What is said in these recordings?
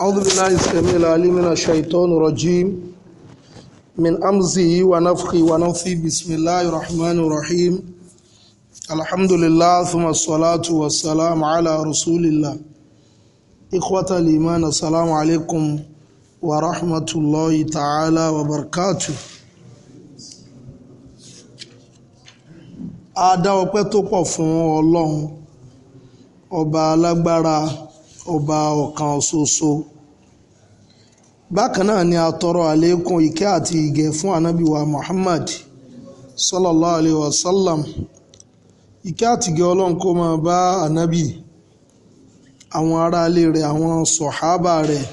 أعوذ بالله السميع العليم من الشيطان الرجيم من أمزه ونفخه ونفثه بسم الله الرحمن الرحيم الحمد لله ثم الصلاة والسلام على رسول الله إخوة الإيمان السلام عليكم ورحمة الله تعالى وبركاته A dá tó pọ̀ fún Ọlọ́run ọba alágbára ọba ọ̀kan ṣoṣo bákan náà ni a tọrọ àlékún ìkẹ́ àti ìgẹ̀ fún ànábì Muhammad sallallahu alaihi wasallam sallam ìkẹ́ àti ìgẹ̀ ọlọ́run kó máa bá ànábì àwọn aráalé rẹ̀ àwọn sọ̀hábà rẹ̀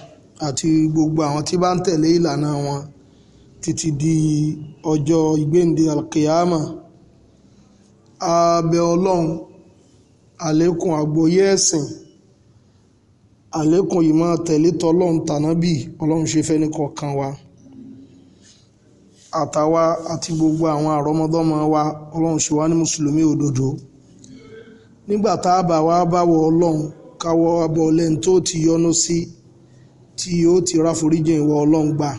àti gbogbo àwọn tí bá ń tẹ̀lé ìlànà wọn títí di ọjọ́ ìgbéǹde alkiyama a bẹ̀ ọlọ́run àlékún àgbọ́yé ẹ̀sìn àlékún yìí máa tẹ̀lé tọlọ́run tànábì ọlọ́run ṣe fẹ́ nìkọ̀ọ̀kan wa àtàwa àti gbogbo àwọn àrọ́mọdọ́mọ wa ọlọ́run ṣe wá ní mùsùlùmí òdodo nígbà tá a bá wá báwọ ọlọ́run káwọ́ abọ́ lẹ́ni tó ti yọ́nú sí tí yóò ti ráforíjìn ìwọ ọlọ́run gbà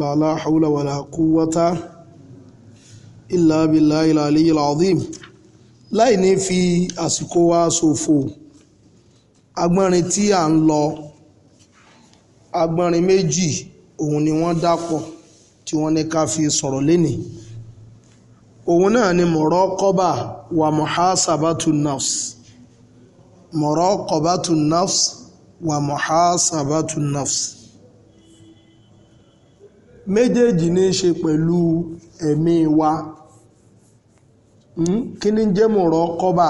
làlá haúlà wàlà quwwata illa billahi al-aliyyil azim láì ní fi àsìkò wa ṣòfò. So agbọ́nrin tí à ń lọ agbọ́nrin méjì òun ni wọ́n dàpọ̀ tí wọ́n ní ká fi sọ̀rọ̀ lénìí òun náà ni mọ̀rọ́kọ́bà wà mọ̀hásábàtú nafs mọ̀rọ́kọ́bàtú nafs wà mọ̀hásábàtú nafs méjèèjì ní í ṣe pẹ̀lú ẹ̀mí wa hmm? kí ni jẹ́ mọ̀rọ́kọ́bà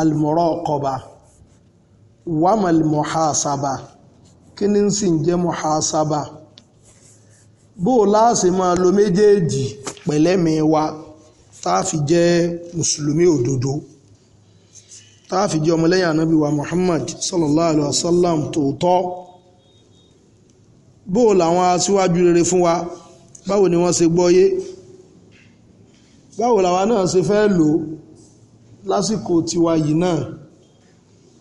almọ̀rọ́kọ́bà wàmàlì mọ̀hásábà kí ni sì ń jẹ́ mọ̀hásábà bó o láàṣẹ máa lo méjèèjì pẹ̀lẹ́mi wa tá a fi jẹ́ mùsùlùmí òdodo tá a fi jẹ́ ọmọlẹ́yìn anábì wa Muhammad sallallahu alayhi wa tòótọ́ bó o làwọn aṣíwájú rere fún wa báwo ni wọ́n ṣe gbọ́yé báwo làwa náà ṣe fẹ́ lò lásìkò tiwa yìí náà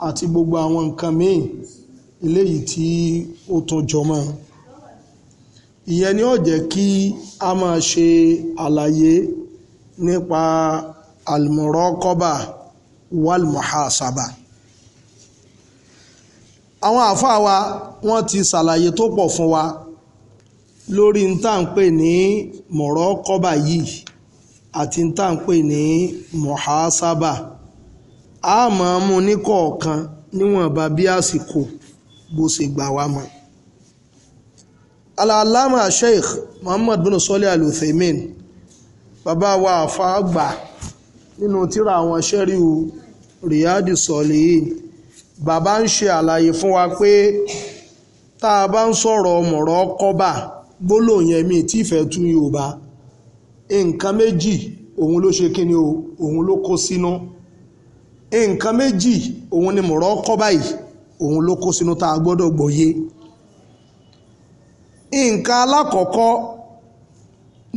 àti gbogbo àwọn nǹkan míì eléyìí tí ó tún jọmọ́ ìyẹn ni ó jẹ́ kí a máa ṣe àlàyé nípa almuraqaba walmuhasaba àwọn àáfàá wa wọ́n ti ṣàlàyé tó pọ̀ fún wa lórí n tá à ń pè ní muraqaba yìí àti n tá à pè ní muhasaba a máa mú ní kọ̀ọ̀kan níwọ̀nba bí àsìkò bó ṣe gbà wá mọ́. alalama sheikh muhammad bin sọ́lé al-Uthaymin bàbá wa àfa àgbà nínú tírà àwọn sẹ́ríù riyadi sọ̀lẹ́yìn bàbá ń ṣe àlàyé fún wa pé tá a bá ń sọ̀rọ̀ mọ̀rọ̀ kọ́bà gbólóhùn yẹn mi tí ìfẹ́ tún Yorùbá nǹkan méjì òun ló ṣe kíni o òun ló kó sínú. No nǹkan méjì òun ni mọ̀rọ́ kọ́ báyìí òun ló kó sínú tá a gbọ́dọ̀ gbọ́yé nǹkan alákọ̀ọ́kọ́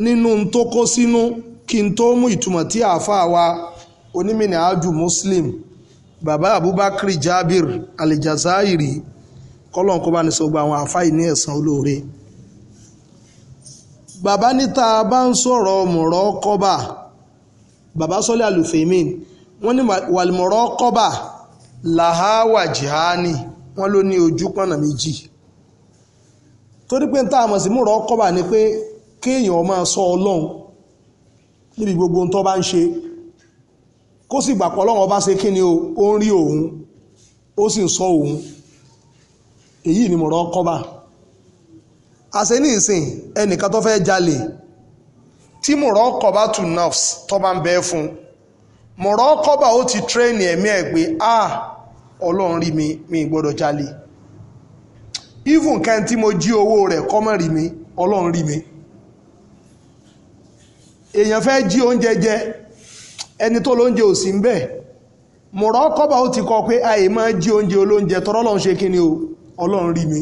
nínú tó kó sínú kí n tó mú ìtumọ̀ tí àáfàá wa onímìnà ájú muslim bàbá abubakar jabir alijazairi kọ́lọ́n kó bá ní sọ àwọn àáfàá yìí ní ẹ̀san olóore bàbá níta bá ń sọ̀rọ̀ mọ̀rọ́ kọ́bà bàbá sọ́lé alùfẹ́mìn wọ́n ní wàlmọ̀rọ́ kọ́bà làháwà jihani wọ́n ló ní ojú pọ̀nà méjì torí pé tá a mọ̀ sí múrọ̀ kọ́bà ni pé kéèyàn máa sọ ọlọ́run níbi gbogbo tó bá ń ṣe kó sì gbàpọ̀ ọlọ́run ọba ṣe kí ni ó ń rí òun ó sì ń sọ òun èyí ni múrọ̀ kọ́bà àṣẹ ní ìsìn ẹnìkan tó fẹ́ jalè tí múrọ̀ kọ́bà to nerves tó bá ń bẹ fún un mọ̀rọ́ kọ́bà ó ti tírẹ́ẹ̀nì ẹ̀mí ẹ̀ pé a ọlọ́run rí mi mi gbọ́dọ̀ jalè even kan tí mo jí owó rẹ̀ kọ́mọ̀ rí mi ọlọ́run rí mi èèyàn fẹ́ jí oúnjẹ jẹ ẹni tó lóúnjẹ ò sí ń bẹ̀ mọ̀rọ́ ó ti kọ pé àyè máa jí oúnjẹ olóúnjẹ tọ́rọ́ lọ́n ṣe kíni o ọlọ́run rí mi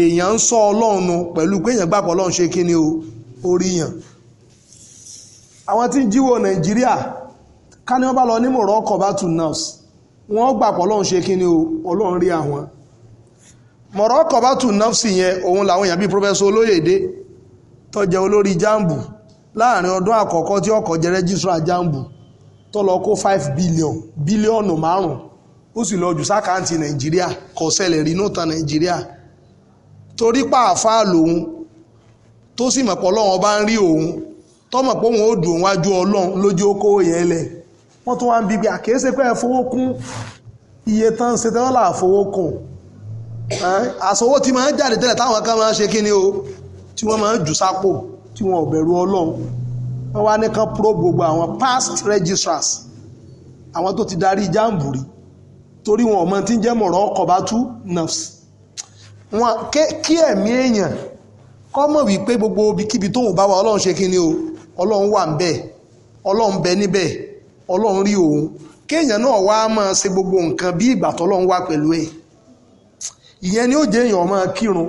èèyàn ń sọ ọlọ́run nu pẹ̀lú pé èèyàn gbàgbọ́ ọlọ́run ṣe kíni o orí yàn àwọn tí ń jíwò nàìjíríà ká ní wọ́n bá lọ ní Morocco bá two nerves wọ́n gbà pọ̀ ọlọ́run ṣe kíni o ọlọ́run rí àwọn Morocco bá two nerves yẹn òun làwọn èèyàn bíi Professor Olóyèdé tó jẹ́ olórí jambu láàrin ọdún àkọ́kọ́ tí ọkọ̀ jẹ́ registrar jambu tó lọ kó five billion bílíọ̀nù márùn-ún ó sì lọ jù sákàǹtì Nàìjíríà kò ṣẹlẹ̀ rí nùtà Nàìjíríà torí pàáfà lòun tó sì mọ̀pọ̀ ọlọ́run ọba ń rí òun tọ́mọ̀ pé òun ó dùn òun wájú ọlọ́run lójú ó kówó yẹn lẹ̀ wọ́n tún wá ń bí gbé àkéése pé ẹ̀fowó kún iye tán ṣe tẹ́lọ́là àfowó kún àsọwọ́ tí máa ń jáde tẹ́lẹ̀ táwọn kan máa ń ṣe kí ni o tí wọ́n máa ń jù sápò tí wọ́n ò ọlọ́run wọ́n wá ní kan pro gbogbo àwọn past registrars àwọn tó ti darí jamboree torí wọn ò mọ tí ń jẹ́ mọ̀rọ̀ ọkọ̀ bá tú nafs wọn kí ẹ̀mí èèyàn kọ́ mọ̀ wípé gbogbo ibikíbi tóun bá wà ọlọ́run ṣe kí ni o ọlọ́run wà ń bẹ̀ ọlọ́run bẹ níbẹ̀ ọlọ́run rí òun kéèyàn náà wá máa ṣe gbogbo nǹkan bí ìgbà tọ́lọ́run pẹ̀lú ẹ̀ ìyẹn ni ó jẹ́ èèyàn máa kírun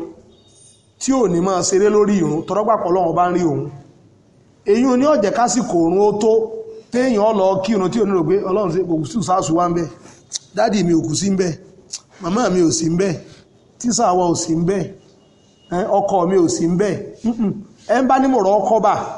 tí ò ní máa ṣeré lórí ìrun tọ́rọ́gbàpọ̀ ọlọ́run bá ń rí òun èyí ọ̀jẹ̀ kásìkò ó tó téèyàn lọ kírun tí ò ní rò pé ọlọ́run ṣe kò sí wá ń mi ò sí wa ò sí ń mi ò sí ń bẹ̀ ẹ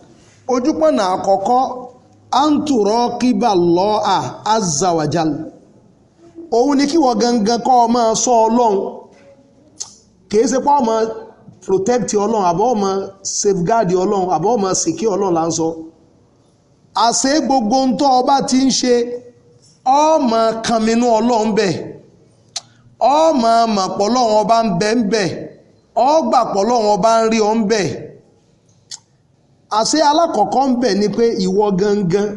ojúpọ̀nà àkọ́kọ́ àǹtùrọ̀ kíbà lọ́à azawajal òun ni kíwọ gangan kọ́ ọ máa sọ ọlọ́run kìí ṣe pọ́ ọmọ protect ọlọ́run àbọ̀ ọmọ safeguard ọlọ́run àbọ̀ ọmọ secure ọlọ́run là ń sọ àṣé gbogbo ń tọ́ ọba ti ń ṣe ọmọ kàmínú ọlọ́run bẹ̀ mọ̀pọ̀ ọba ń bẹ̀ ń bẹ̀ ọba ń rí àṣẹ alákọ̀ọ́kọ́ ń bẹ̀ ni pé ìwọ gangan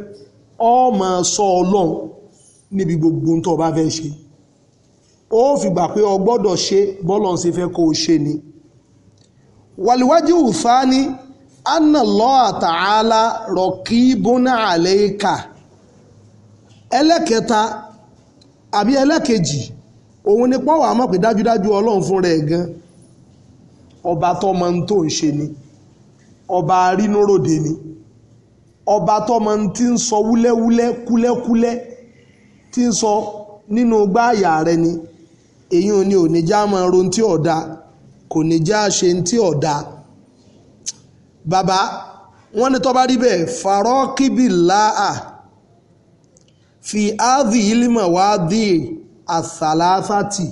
o máa sọ ọlọ́run níbi gbogbo tó o bá fẹ́ ṣe ó fìgbà pé o gbọ́dọ̀ ṣe bọ́lọ́n ṣe fẹ́ kó o ṣe ni wàlíwájú ìfáàní anna Allah ta'ala rọ̀kí bọ́nà àlẹ́kà ẹlẹ́kẹta àbí ẹlẹ́kejì òun ni pọ́wọ́ àmọ́ pé dájúdájú ọlọ́run fúnra ẹ̀ gan ọba tó mọ ohun tó ń ṣe ni ọba arínúròdè ni ọba tọmọ tí ń sọ wúlẹ́wúlẹ́ kúlẹ́kúlẹ́ tí ń sọ nínú gbáàyà rẹ ni èyí ò ní òní já máa ron tí ọ̀dà kò ní já ṣe tí ọ̀dà bàbá wọ́n ní tọ́ba rí bẹ́ẹ̀ farọ́kìbì láà fi áàdì ìlímọ̀ wá dì àsàlásàtì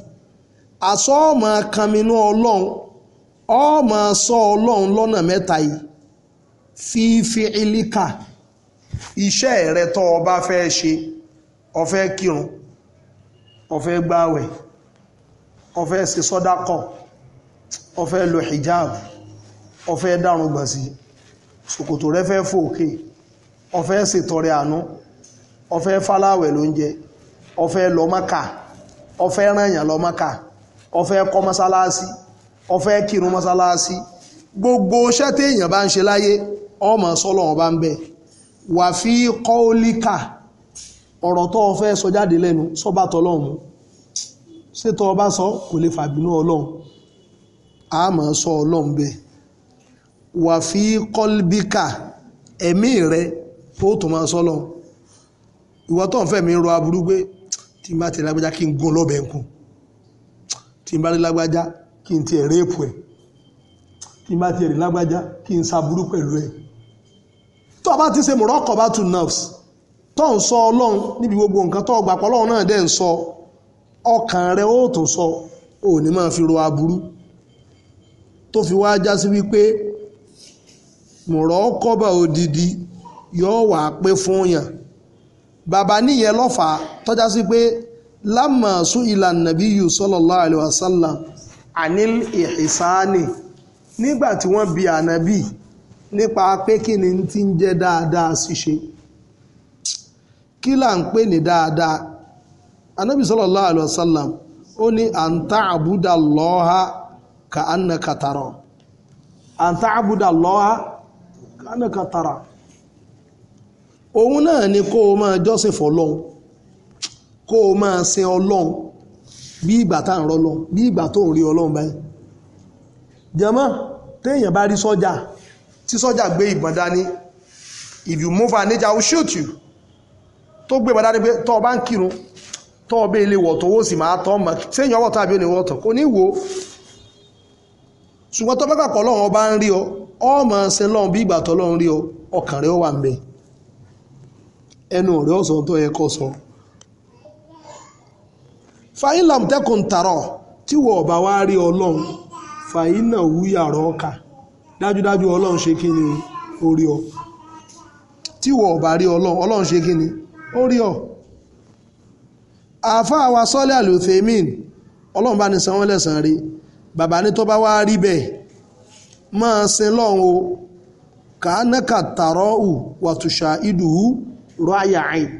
àsọ́ọ̀mọ̀ kaminú ọlọ́run ọmọ sọ ọlọ́run lọ́nà mẹ́ta yìí fífi ìlíkà iṣẹ́ rẹ tó o bá fẹ́ ṣe o fẹ́ kírun o fẹ́ gbààwẹ̀ o fẹ́ ṣe sọ́dákọ̀ o fẹ́ lo hijab o fẹ́ dárun gbọ̀n sí ṣòkòtò rẹ fẹ́ fò òkè o fẹ́ ṣètọrẹ àánú o fẹ́ fáláwẹ̀ lóúnjẹ o fẹ́ lọ Mákà o fẹ́ ràn yàn lọ Mákà o fẹ́ kọ́ mọ́sálásí ó fẹ́ kírun mọ́sálásí gbogbo iṣẹ́ téèyàn bá ń ṣe láyé ọmọ sọ́lọ́run bá ń bẹ̀ wà fi kọ́ọ́líkà ọ̀rọ̀ tó o fẹ́ sọ jáde lẹ́nu sọ́bà tọ́lọ́run ṣé tó o bá sọ kò lè fàbínú ọlọ́run a máa sọ ọlọ́run bẹ́ẹ̀ wà fi kọ́lbíkà ẹ̀mí rẹ ó tó máa sọ ìwọ tó ń fẹ́ mi rọ aburú pé tí n bá ti lágbájá kí n gún lọ́bẹ̀ tí n bá rí lágbájá kí n tiẹ̀ réèpù ẹ̀ kí n bá tiẹ̀ rí lágbájá kí n ṣàbúrú pẹ̀lú ẹ̀ tó o bá ti ṣe mọ̀rọ́kọ̀ bá tu nerves tó ń sọ ọlọ́run níbi gbogbo nǹkan tó gbà náà dẹ̀ ń sọ ọkàn ó tún sọ fi ro aburú tó fi odidi yóò wà pé fún yàn bàbá níyẹn lọ́fà tọ́já sí pé ìlànà bí wasallam anil ihisani nígbà tí wọ́n bi ànábì nípa pé kí ni ti ń jẹ́ dáadáa ṣíṣe kí là ń pè ní dáadáa anábì sallallahu alaihi wasallam ó ní àǹtá àbúdà lọ́ha ka anna katara àǹtá àbúdà lọ́ha ka anna katara òun náà ni kó o máa jọ́sìn fọ́lọ́hun kó o máa sin ọlọ́hun bí ìgbà tá ń rọlọ bí ìgbà tó ń rí ọlọ́run báyìí jẹmọ́ téèyàn bá rí sọ́jà tí sọ́jà gbé ìbọn dání if you move an nature will shoot you tó gbé ìbọn dání pé tọ́ ọ bá ń kírun tọ́ ọ bẹ́ ilé wọ̀tọ̀ owó sì máa tọ́ ọmọ séèyàn wọ̀ tàbí òní wọ̀tọ̀ kò ní wo ṣùgbọ́n tó bá gbàgbọ́ lọ́wọ́ bá ń rí ọ ọmọ ṣe lọ́wọ́ bí ìgbà tó lọ́wọ́ rí ọ ọkàn rẹ wà ń bẹ ẹnu rẹ ọ̀sán tó yẹ kó sọ fàyínlàm tẹ́kùn tààrọ̀ tí wọ́n ọ̀bà wá rí ọlọ́run fàyínà wúyàrá ọkà dájúdájú ọlọ́run ṣe kí ni orí ọ tí wọ́n ọ̀bà rí ọlọ́run ọlọ́run ṣe kí ni orí ọ àáfàá wa sọ́lẹ̀ àlùfẹ́mìn ọlọ́run bá ní san wọ́n lẹ́sàn rí bàbá ní tó bá wá rí bẹ́ẹ̀ máa sin lọ́run o kàánà kàtàrọ́ ù wàtúṣà ìdùhù rọ́ àyà àìn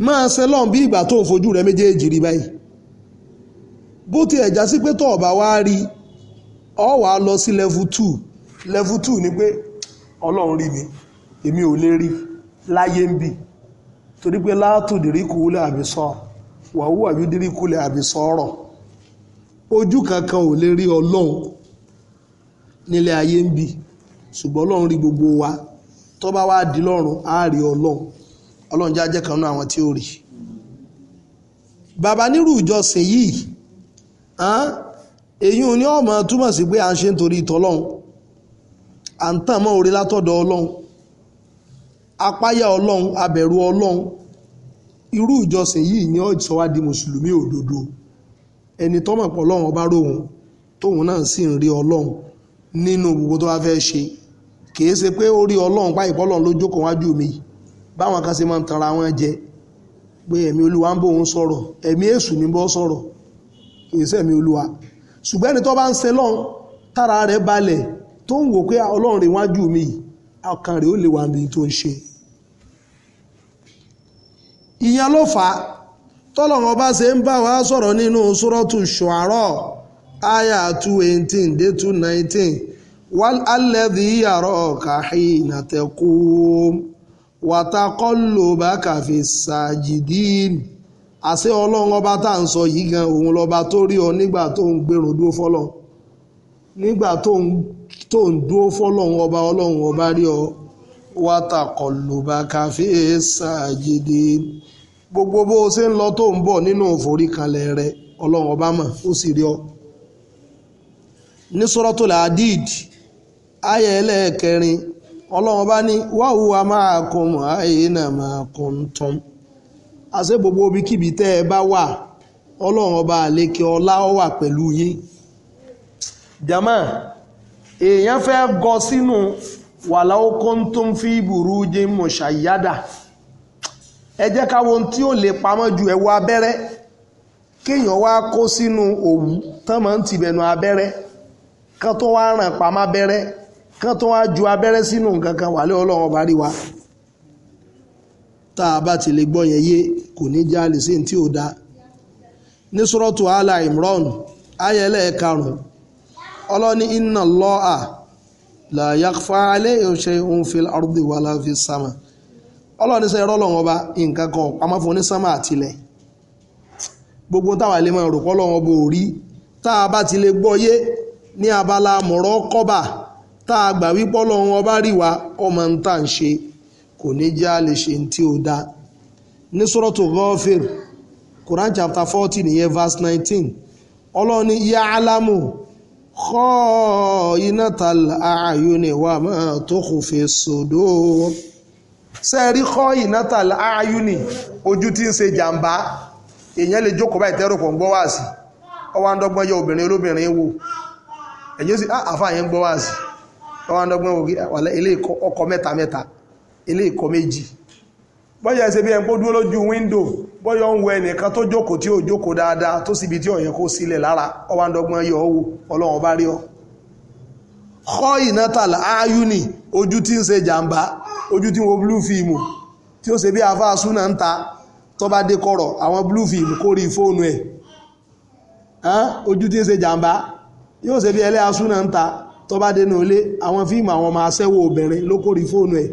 máa ṣe lọ́n bí ìgbà tó ń fojú rẹ méjèèjì rí báyìí bó ti ẹ̀já sí pé tó ọ̀bá wá rí ọ wà á lọ sí level two level two ni pé ọlọ́run rí mi èmi ò lè rí láyé ń bì torí pé látò dìríkù lẹ́ àbí sọ wàhú àbí dìríkù lẹ́ àbí sọ̀rọ̀ ojú kankan ò lè rí ọlọ́run nílé ayé ń bì ṣùgbọ́n ọlọ́run rí gbogbo wa tó bá wá di á rí ọlọ́run ọlọ́run jẹ́ ajẹ́ kan nú àwọn tí ó rí bàbá nírú ìjọsìn yìí ah, èyí ò ní ọmọ túmọ̀ sí pé à ń ṣe nítorí ìtọ́lọ́run à ń tàn mọ́ orí látọ̀dọ̀ ọlọ́run apáyà ọlọ́run abẹ̀rù ọlọ́run irú ìjọsìn yìí ni ó sọ di mùsùlùmí òdodo ẹni tọ́mọ̀ pọ̀ ọlọ́run ọba róhun tóun náà sì ń rí ọlọ́run nínú gbogbo tó bá fẹ́ ṣe kì í ṣe pé ó rí ọlọ́run páyìpọ́ ọlọ́run ló wájú mi yìí báwọn kan ṣe máa ń wọn jẹ pé ẹ̀mí olúwa ń bò sọ̀rọ̀ ẹ̀mí èṣù ní bọ́ sọ̀rọ̀ èṣù ẹ̀mí olúwa ṣùgbọ́n ẹni tó bá ń ṣe tára rẹ̀ balẹ̀ tó ń wò pé ọlọ́run rè wájú mi ọkàn rẹ̀ ó lè wà níbi tó ń ṣe ìyẹn ló fà á tọ́lọ́run ọba ṣe ń wàtàkọ́lùbákà fi sàjìdín àṣẹ ọlọ́run ọba tá à ń sọ yìí gan òun lọ́ba tó rí ọ nígbà tó ń gbèrún dúró fọ́lọ́run nígbà tó ń dúró rí ọ gbogbo bó o ṣe ń lọ tó ń bọ̀ nínú ìforíkalẹ̀ rẹ ọlọ́run ọba mọ̀ ó sì rí ọ ní ọlọ́run bá ní wáhù wa máa kún ààyè náà máa kún tán àṣẹ gbogbo ibikíbi tẹ́ ẹ bá wà ọlọ́run ọba àlékè ọlá ọ wà pẹ̀lú yín jama èèyàn fẹ́ gọ sínú wàlá okun tó ń fi ìbùrú jẹ́ mọ̀ṣáyádà ẹ jẹ́ ká tí ó lè pamọ́ ju abẹ́rẹ́ kéèyàn wá kó sínú òwú tán máa ń kán tó wá ju abẹ́rẹ́ sínú nǹkan kan wà lé ọlọ́run ọba rí wa tá a bá ti lè gbọ́ yẹn yé kò ní já lè sí tí ò da ní sọ́rọ́tù àlà Imran ayẹlẹ́ karùn-ún ọlọ́ni inna Allaha la yakhfa alayhi shay'un fil wa wala fis sama ọlọ́ni sẹ́yìn rọ́lọ́run ọba nǹkan kan pamọ́ fún onísánmà àtìlẹ̀ gbogbo táwa lè máa rò pọ́ lọ́wọ́ bò rí tá a bá ti lè gbọ́ yé ní abala mọ̀rọ́ kọ́bà tá a gbà wípé ọlọ́run ọba rí wa ọmọ ń tà ń ṣe kò ní jẹ́ a lè ṣe tí ó dá ní Suratu Ghafir Quran chapter fourteen ìyẹn verse nineteen ọlọ́run ní ya'lamu kha'inatal a'yuni wa ma tukhfi sudur sẹ́ẹ̀rí kha'inatal a'yuni ojú tí ń ṣe jàǹbá èèyàn lè jókòó báyìí tẹ́rù pọ̀ ń gbọ́ wáàsí ọwọ́ àndọ́gbọ́n yẹ obìnrin olóbìnrin wò ẹ̀yìn ó sì ah, àfààyàn ń gbọ́ wáàsí wọ́n dọ́gbọ́n wò wàlẹ́ ilé ọkọ̀ mẹ́ta mẹ́ta ilé ìkọ̀ méjì bọ́yá ẹsẹ̀ bí ẹ kó dúró lójú wíńdò bọ́yá ń wọ ẹnìkan tó jókòó tí ó jókòó dáadáa tó síbi tí ọ̀yẹ́ kó sílẹ̀ lára ọwá ń dọ́gbọ́n yọ owó blue film tí ó ṣe bí afá súnà ń blue film kó rí fóònù ẹ̀ ojú tí ń ṣe jàǹbá yóò ṣe bí ẹlẹ́ asúnà ń ta tó bá dénú ilé àwọn fíìmù àwọn ọmọ aṣẹ́wó obìnrin ló kórìí fóònù ẹ̀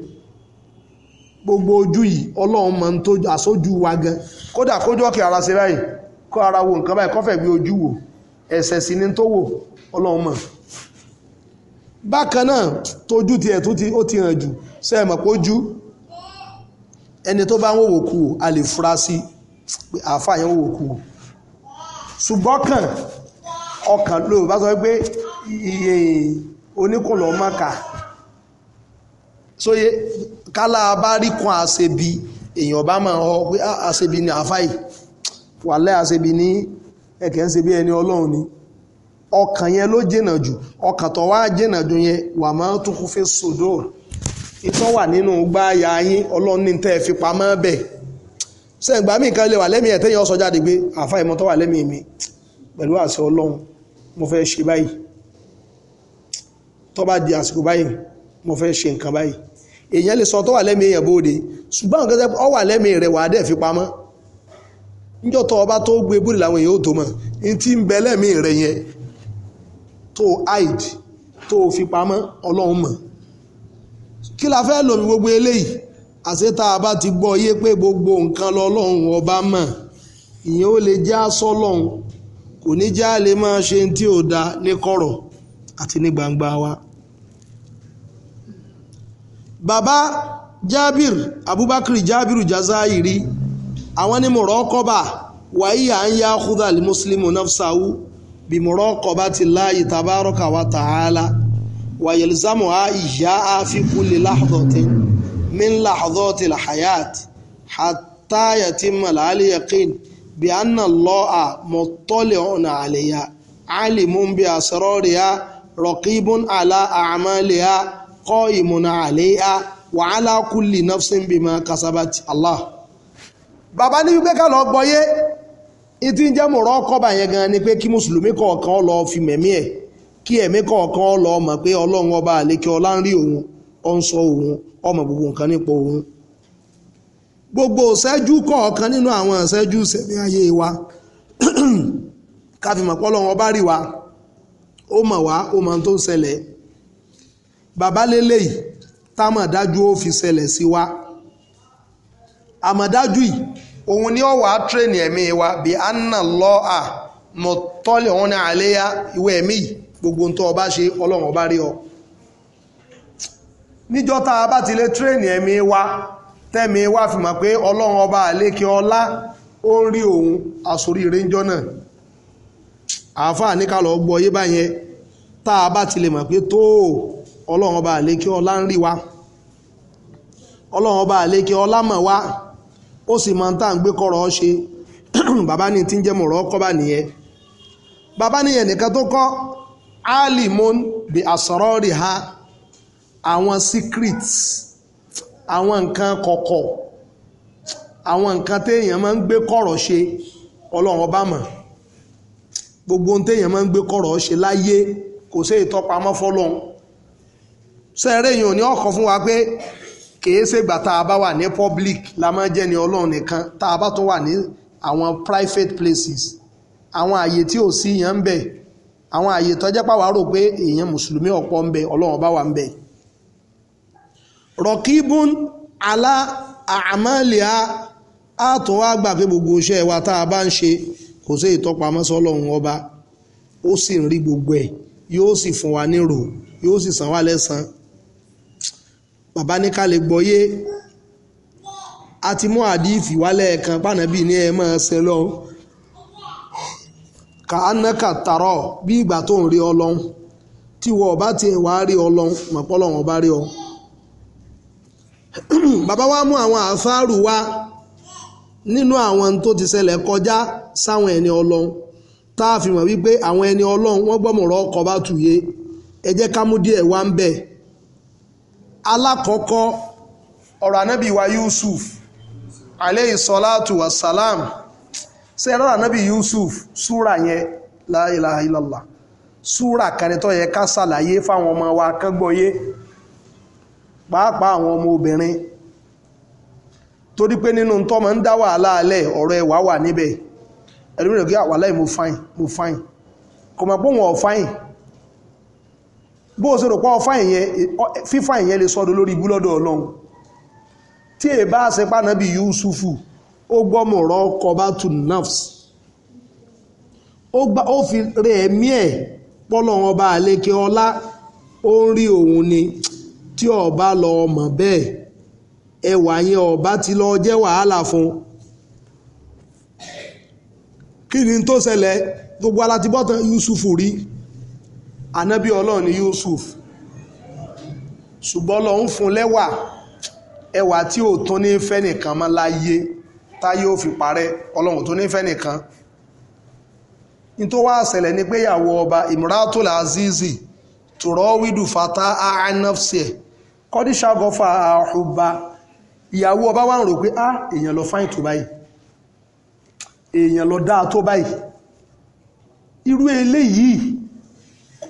gbogbo ojú yìí ọlọ́run mọ̀ ń tó àsójú wa gan kódà kójú ọ̀kẹ́ ara ṣe báyìí kọ́ ara wo nǹkan báyìí kọ́fẹ̀ gbé ojú wò ẹ̀sẹ̀ sí ni tó wò ọlọ́run mọ̀ bákan náà tójú tiẹ̀ tó ti ó ti hàn jù ṣe é mọ̀ pé ojú ẹni tó bá ń wòwò kú a lè fura sí pé àáfà yẹn wòwò kú ṣùgbọ́n kàn ọkàn ló bá sọ pé iye oníkùnlọ́ mọ́ka sóye kálá bá rí kan àṣebi èèyàn bá máa họ pé ah, àṣebi ni àfáì wàlẹ́ àṣebi ní ẹ̀kẹ́ ń ṣe bí ẹni ọlọ́run ni ọkàn yẹn ló jìnà jù ọkàn tó wá jìnà jù yẹn wà máa tún kún fi sòdò ìtọ́ wà nínú gbáàyà yín ọlọ́run ní tẹ́ fi pamọ́ bẹ̀ sẹ́ǹgbà mí kan lè wà lẹ́mìí ẹ̀tẹ́yìn ọ̀sọ̀ jáde pé àfáì mọ́tọ́ wà lẹ́mìí mi pẹ̀lú àṣẹ ọlọ́run mo fẹ́ ṣe báyìí tó bá di àsìkò báyìí mo fẹ́ ṣe nǹkan báyìí èèyàn lè sọ tó wà lẹ́mìí èèyàn bóde ṣùgbọ́n nǹkan tẹ́ ọ wà lẹ́mìí rẹ̀ wà á dẹ̀ fi pamọ́ níjọ́ tó ọba tó gbé búrì làwọn èèyàn ò tó mọ̀ ní tí ń bẹ lẹ́mìí rẹ̀ yẹn tó hide tó fi pamọ́ ọlọ́run mọ̀ kí la fẹ́ lòmí gbogbo eléyìí àṣetá bá ti gbọ́ yé pé gbogbo nǹkan lọ́lọ́run ọba mọ̀ ìyẹn ó lè já sọ́lọ́run kò ní já lè máa ṣe tí ò da ní kọ̀rọ̀ àti ní gbangba wa bàbá Jabir Abubakar Jabiru Jazairi àwọn ni mọ̀rọ́kọ́bà wàyí à ń yá kúdà lè mùsùlùmù nafsahu bí mọ̀rọ́kọ́bà ti láàyè tabaraka wa ta'ala wàyẹ̀lzámù á ìyá á fi kulli láhàdọ̀tì min láhàdọ̀tì làhàyàt àtàyàtì màláàlì yaqin bí a nà lọ́ à mọ̀tọ́lẹ̀ ọ̀nà àlẹ́yà alimun bí asrariha raqibun ala a'maliha. qa'imun 'alayha wa 'ala kulli nafsin bima kasabat Allah bàbá ní ka ká lọ itin ìtí ń jẹ́ mọ̀rọ̀ ọkọ̀bà yẹn gan ni ki kí mùsùlùmí fi kí ẹ̀mí kọ̀ọ̀kan lọ mọ̀ pé ọba ọ gbogbo gbogbo aye wa fi wa bàbá lélẹ́yìí támọ̀ dájú ó fi ṣẹlẹ̀ sí wa àmọ̀dájú yìí òun ni ó wàá tírèèni ẹ̀mí wa bí anna lọ́ọ̀à mọ̀tọ́lẹ̀ òun ní àléyá ìwé ẹ̀mí yìí gbogbo ohun tó o bá ṣe ọlọ́run ọba rí ọ níjọ́ tá a bá ti lè tírèèni ẹ̀mí wa tẹ́mi wá fi mọ̀ pé ọlọ́run ọba àlékè ọlá ó ń rí òun àsórí ìrẹ́njọ́ náà àáfàá ní ká lọ gbọ́ yé báyẹn tá a bá ti lè mọ̀ pé tóo ọlọ́run ọba àlékí ọlá ń rí wa ọlọ́run ọba àlékí ọlá mọ̀ wá ó sì máa ń tà ń gbé kọ́rọ̀ ọ́ ṣe bàbá ní tí ń jẹ́ mọ̀rọ̀ ọkọ́ bá nìyẹn bàbá nìyẹn nìkan tó kọ́ alimon bi asọ́rọ́rì ha àwọn secrets àwọn nǹkan kọ̀kọ̀ àwọn nǹkan téèyàn máa ń gbé kọ̀rọ̀ ṣe ọlọ́run ọba mọ̀ gbogbo ohun téèyàn máa ń gbé kọ̀rọ̀ ṣe láyé kò sí ìtọ́pamọ́ fọlọ́run sẹ́ẹ̀rẹ́ èèyàn ní ọkọ̀ fún wa pé kìí ṣègbà tá a bá wà ní public la máa jẹ́ ni ọlọ́run nìkan tá a bá tún wà ní àwọn private places àwọn àyè tí ò sí èèyàn ń bẹ àwọn àyè tó jẹ́ pàwọ́ rò pé èèyàn mùsùlùmí ọ̀pọ̀ ń bẹ ọlọ́run bá wà ń bẹ. rọ̀kíbùn alá àmàlìá àtún wá gbà pé gbogbo iṣẹ́ wa tá a bá ń ṣe kò sí ìtọ́pamọ́ sọ́lọ́run ọba ó sì ń rí gbogbo ẹ̀ yóò sì fún wa nírò yóò sì san wá lẹ́san-án bàbá ní ká lè gbọ́yé a ti mú àdífì wálẹ̀ kan pànàbí ní ẹ máa ṣe lọ kàánákà tààrọ̀ bí ìgbà tó ń rí ọlọ́run tí wọ́n bá tiẹ̀ wá rí ọlọ́run mọ̀pọ́lọ́run ọba rí ọ. bàbá wa mú àwọn àfáàrù wa nínú àwọn tó ti ṣẹlẹ̀ kọjá sáwọn ẹni ọlọ́run tá a fi mọ̀ wípé àwọn ẹni ọlọ́run wọ́n gbọ́mọ̀rọ̀ ọkọ̀ bá tùyé ẹ jẹ́ ká mú díẹ̀ wá ń bẹ̀ alákọ̀ọ́kọ́ ọ̀rọ̀ anábì wa Yusuf aleyhi salatu wa salam ṣe anábì Yusuf súra yẹn la súra kanitọ́ yẹ ká fáwọn ọmọ wa kángbọ́yé pàápàá àwọn ọmọ obìnrin torí pé nínú tọ́mọ ń dá wàhálà alẹ́ ọ̀rọ̀ ẹ̀wà wà níbẹ̀ bó ṣe fífà ìyẹn lè sọ́dọ̀ lórí ibú ọlọ́run tí è bá ṣe bí yusufu ó gbọ́mọ̀rọ̀ nafs ó fi rẹ̀ ẹ̀mí ẹ̀ pọ́lọ́wọ́n ọba àlékè ọlá ó ń rí òun ni ọba lọ ọmọ bẹ́ẹ̀ ẹwà yẹn ọba ti lọ jẹ́ wàhálà fún kí ni tó ṣẹlẹ̀ gbogbo yusufu rí ànábì ọlọ́run ni Yusuf ṣùgbọ́n lọ́n fún lẹ́wà ẹwà tí ò tún ní fẹ́ nìkan mọ́ láyé táyé ò fi parẹ́ ọlọ́run tó ní fẹ́ ní tó wá ṣẹlẹ̀ ní péyàwó ọba imratul azizi tùrọ́wídù fata anafsi kọ́díṣà gọ́fà àhùbá ìyàwó ọba wá ń rò pé ah èèyàn lọ fáìn tó báyìí èèyàn lọ dáa tó báyìí irú eléyìí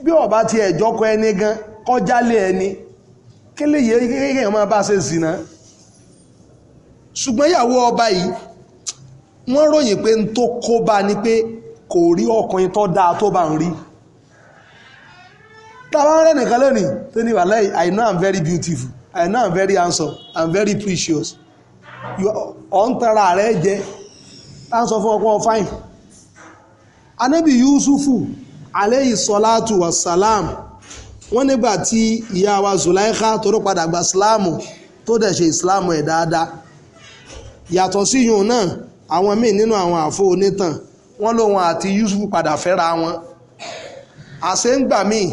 bí ọba ti ẹ̀jọ́kọ ẹni gan kọjálé ẹni kí lè yẹ kéèyàn máa bá ṣe zìnà ṣùgbọ́n ìyàwó ọba yìí wọ́n ròyìn pé n tó kó bá ni pé kò rí ọkùnrin tó dáa tó bá ń rí tàbá ń rẹ̀ nìkan lónìí tó ní wàláì I know I'm very beautiful I know I'm very handsome I'm very precious ọ̀ ń tara rẹ̀ jẹ́ tá ń sọ fún ọkọ̀ fine Ànábì Yusufu aleyhi salatu wa salam wọ́n nígbà tí ìyá wa zulaikha toró padà gba síláàmù tó dẹ̀ ṣe ìsìláàmù ẹ̀ dáadáa yàtọ̀ sí yòó náà àwọn míì nínú àwọn àfọ onítàn wọ́n lóun àti yusuf padà fẹ́ra wọn àṣẹ ń gbà míì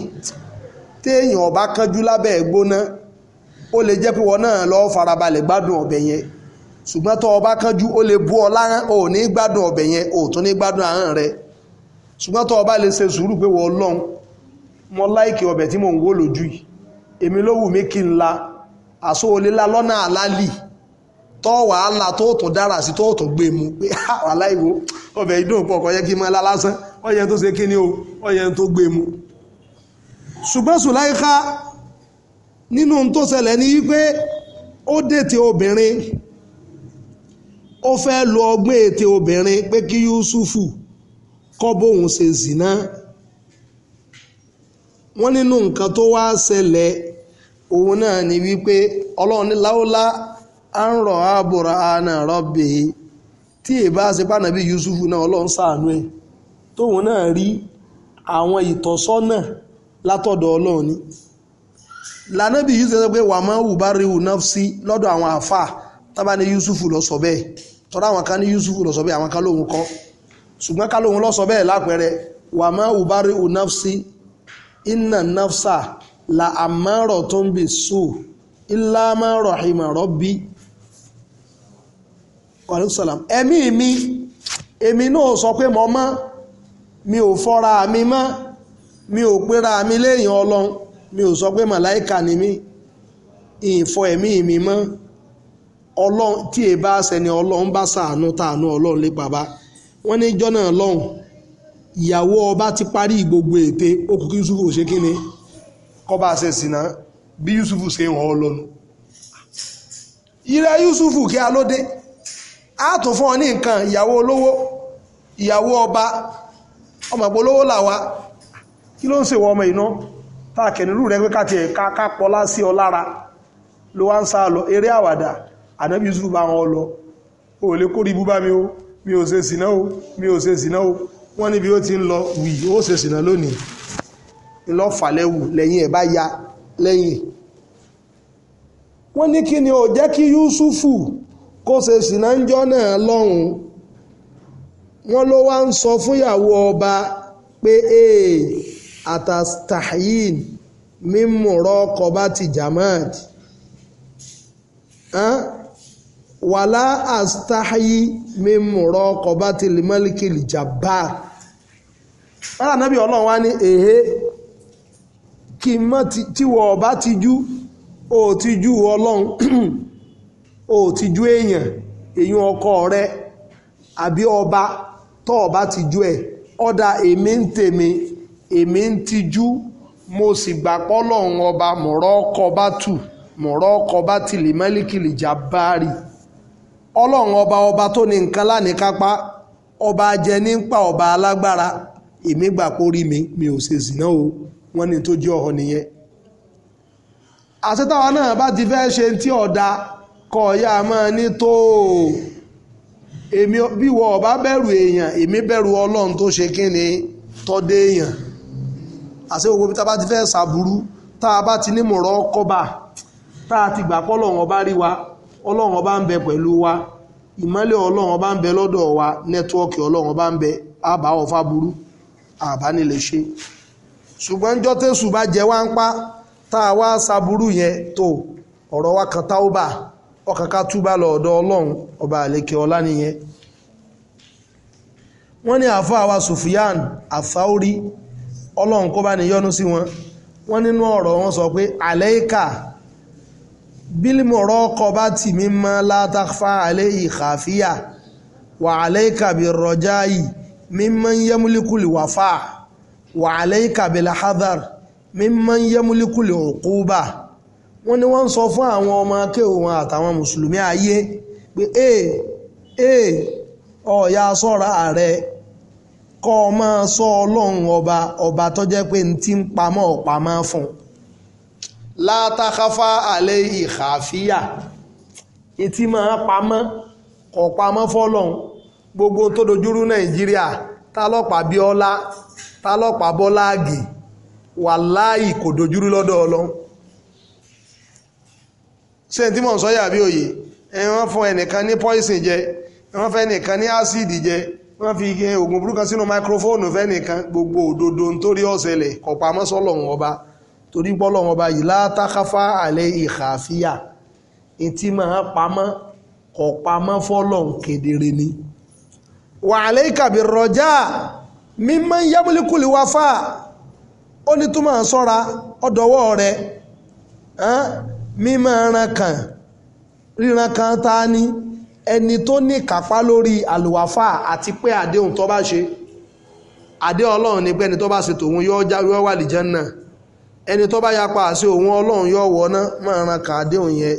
téèyàn ọba kánjú lábẹ́ ẹ̀ gbóná ó lè jẹ́ pé wọn náà lọ́ọ́ farabalẹ̀ gbádùn ọbẹ̀ yẹn ṣùgbọ́n tó ọba kánjú ó lè bú ọ láràn ò ní gbádùn ọbẹ̀ yẹn ò tún ní gbádùn ahọ́n rẹ̀ ṣùgbọ́n tó o bá lè ṣe sùúrù pé wọ́n ọlọ́run mo láìkì ọbẹ̀ tí mò ń wó lójú yìí èmi ló wù mí la àṣọ olè la lọ́nà àlálì tó wàhálà tó tún dára sí tó tún gbé mu pé wàhálà ìwò ọbẹ̀ ìdùn pọ̀ kọ́ yẹ kí n máa la lásán ọyẹ tó ṣe kíni o ọyẹ tó gbé mu ṣùgbọ́n sùláìka nínú tó ṣẹlẹ̀ ní wípé ó dètè obìnrin ó fẹ́ lo ọgbọ́n ète obìnrin pé kí Yusufu kọ́ bóun ṣe zìnà wọ́n nínú nǹkan tó wá ṣẹlẹ̀ òun náà ni wípé ọlọ́run ní láúlá à ń rọ̀ ààbòrà àna rọ́bì tí ìbá ṣe pànàbí Yusuf náà ọlọ́run ṣàánú ẹ̀ tóun náà rí àwọn ìtọ́sọ́nà látọ̀dọ̀ ọlọ́run ni lànàbí yìí ṣe sọ pé wàmọ́ ubariu nafsi lọ́dọ̀ àwọn àfà tábà ní Yusuf lọ sọ bẹ́ẹ̀ tọ́lá àwọn kan ní Yusuf lọ sọ bẹ́ẹ̀ àwọn kan lóun kọ́ ṣùgbọ́n ká lóun lọ́sọ bẹ́ẹ̀ lápẹẹrẹ wà má ubari unafsi inna nafsa la amaro tó ń bè sù ilá má rahima rabbi wàlúùsàlám ẹ̀mí mi èmi náà sọ pé mo mọ́ mi ò fọ́ra mi mọ́ mi ò pera mi léèyàn ọlọ́run mi ò sọ pé màláìka ni mí ìfọ ẹ̀mí mi mọ́ ọlọ́run tí èbá sẹni ọlọ́run bá ṣàánú tàánú ọlọ́run lépa bá wọ́n ní jọ́nà lọ́hùn ìyàwó ọba ti parí gbogbo ète okùn kí Yusuf ò ṣe kí ni kọba ṣe sìnà bí Yusuf ṣe ń hàn lọ́nu ìrẹ́ Yusuf kí a lóde a tún fún ọ ní nǹkan ìyàwó olówó ìyàwó ọba ọmọ ìpolówó làwa kí ló ń ṣèwọ ọmọ iná táàkẹ̀nìlú rẹ pé káti ẹ̀ka kápọlá sí ọ lára ló wá ń sá lọ eré àwàdà ànábì Yusuf bá wọn lọ ò lè kórìí bú bá mi o mi ò ṣe sìnà o mi ò ṣe sìnà o wọ́n níbi ó ti ń lọ wì ó ṣe sìnà lónìí ńlọ́fàlẹ́wù lẹ́yìn ẹ̀ bá ya lẹ́yìn wọ́n ní kí ni ò jẹ́ kí Yúsùfù kó ṣe sìnà ń jọ́ náà lọ́hùn wọ́n ló wá ń sọ fúnyàwó ọba pé ee atastahin mímúrọ́ kọba ti jamad. Huh? wàlá astahayi mímúrọ kọba ti limaliki lijaba wọ́n ànábì ọlọ́run wá ní èhé kí mọ́ tíwọ̀ ọba ti jú ó ti jú ọlọ́run ó ti jú èèyàn èyàn ọkọ rẹ àbí ọba tọ́ ọba ti jú ẹ̀ ọ̀dà èmi ń tèmi èmi ń tijú mo sì gbà pọ́lọ́run ọba mọ̀rọ́ ọkọ̀ tù mọ̀rọ́ ọkọ̀ bá tìlẹ̀ mẹ́líkìlì jà bá rí i ọlọ́run ọba ọba tó ní nǹkan lánìkápá ọba jẹ nípa ọba alágbára èmi gbà kó rí mi mi ò ṣe zìnà o wọ́n ní tó jẹ́ ọ̀họ́ nìyẹn àṣetáwa náà bá ti fẹ́ ṣe tí ọ̀dà kọ̀ ọ̀yà máa ní tó èmi bí wọ́n ọba bẹ̀rù èèyàn èmi bẹ̀rù ọlọ́run tó ṣe kí ni tọ́dé èèyàn àṣẹ tá a bá ti fẹ́ ṣàbùrú tá a bá ti ní mọ̀rọ́ kọ́bà tá a ti gbà pọ́ lọ́wọ́n ọba rí wa ọlọ́run ọba ń bẹ pẹ̀lú wa ìmọ́lẹ̀ ọlọ́run ọba ń bẹ lọ́dọ̀ wa nẹ́tíwọ́ọ̀kì ọlọ́run ọba ń bẹ àbá ọ̀fà burú àbá nílé ṣe ṣùgbọ́n ń jọ́tẹ́ sùn bá jẹ́ wá pa tá wá yẹn tó ọ̀rọ̀ wa kan ọkàn ká túbà lọ ọ̀dọ̀ ọlọ́run ọba àlekè ọlá nìyẹn wọ́n ní àwa àfáórí ọlọ́run kó bá sí bílímọ̀rọ̀ kọba tì mí mọ́ látàfà alẹ́ ìkàfíà wà alẹ́ kàbí rọjá yìí mímọ́ yẹmúlíkùlì wàfà wà alẹ́ kàbí lahadar mímọ́ yẹmúlíkùlì òkúba wọ́n ní wọ́n ń sọ fún àwọn ọmọ akéwò wọn àtàwọn mùsùlùmí ayé pé ee ee ọ̀ya sọ́ra ààrẹ kọ́ ọ máa sọ ọlọ́run ọba ọba tó jẹ́ pé ń ti ń pamọ́ ọ̀pá máa fún un látàkàfà àlẹ́ ìhàfíà etí máa pamọ́ kọ̀ pamọ́ fọ́lọ́hún gbogbo tó dojúrú nàìjíríà tálọ́pàá bíọ́lá tálọ́pàá bọ́láàgì wàláì kò dojúrú lọ́dọ̀ ọlọ́run ṣé tí mò ń sọ yàbí òye wọ́n fún ẹnìkan ní poison jẹ wọ́n fẹ́ ẹnìkan ní ásíìdì jẹ wọ́n fi oògùn burúkan sínú máikrófóònù fẹ́ ẹnìkan gbogbo òdodo nítorí ọ̀sẹ̀lẹ̀ kọ̀pamọ́sọ́lọ́hún ọba torí pọ́lọ́run ọba yìí látàkáfá àlẹ́ ìhàfíà etí máa pamọ́ kọ̀ pamọ́ fọ́lọ́run kedere ni wà aláìkàbí rọjá mímọ́ yámúlíkùlì wá fà ó ní túmọ̀ sọ́ra ọ̀dọ̀wọ́ rẹ̀ mímọ́ ẹran kan ríran kan ta ni ẹni tó ní kápá lórí àlùwàfà àti pé àdéhùn tó bá ṣe àdéhùn ọlọ́run ní pẹ́ni tó bá ṣe tòun yóò wà lìjẹ́ náà ẹni tó bá yapa àṣẹ òun ọlọ́run yóò wọná máa ran kàdéhùn yẹn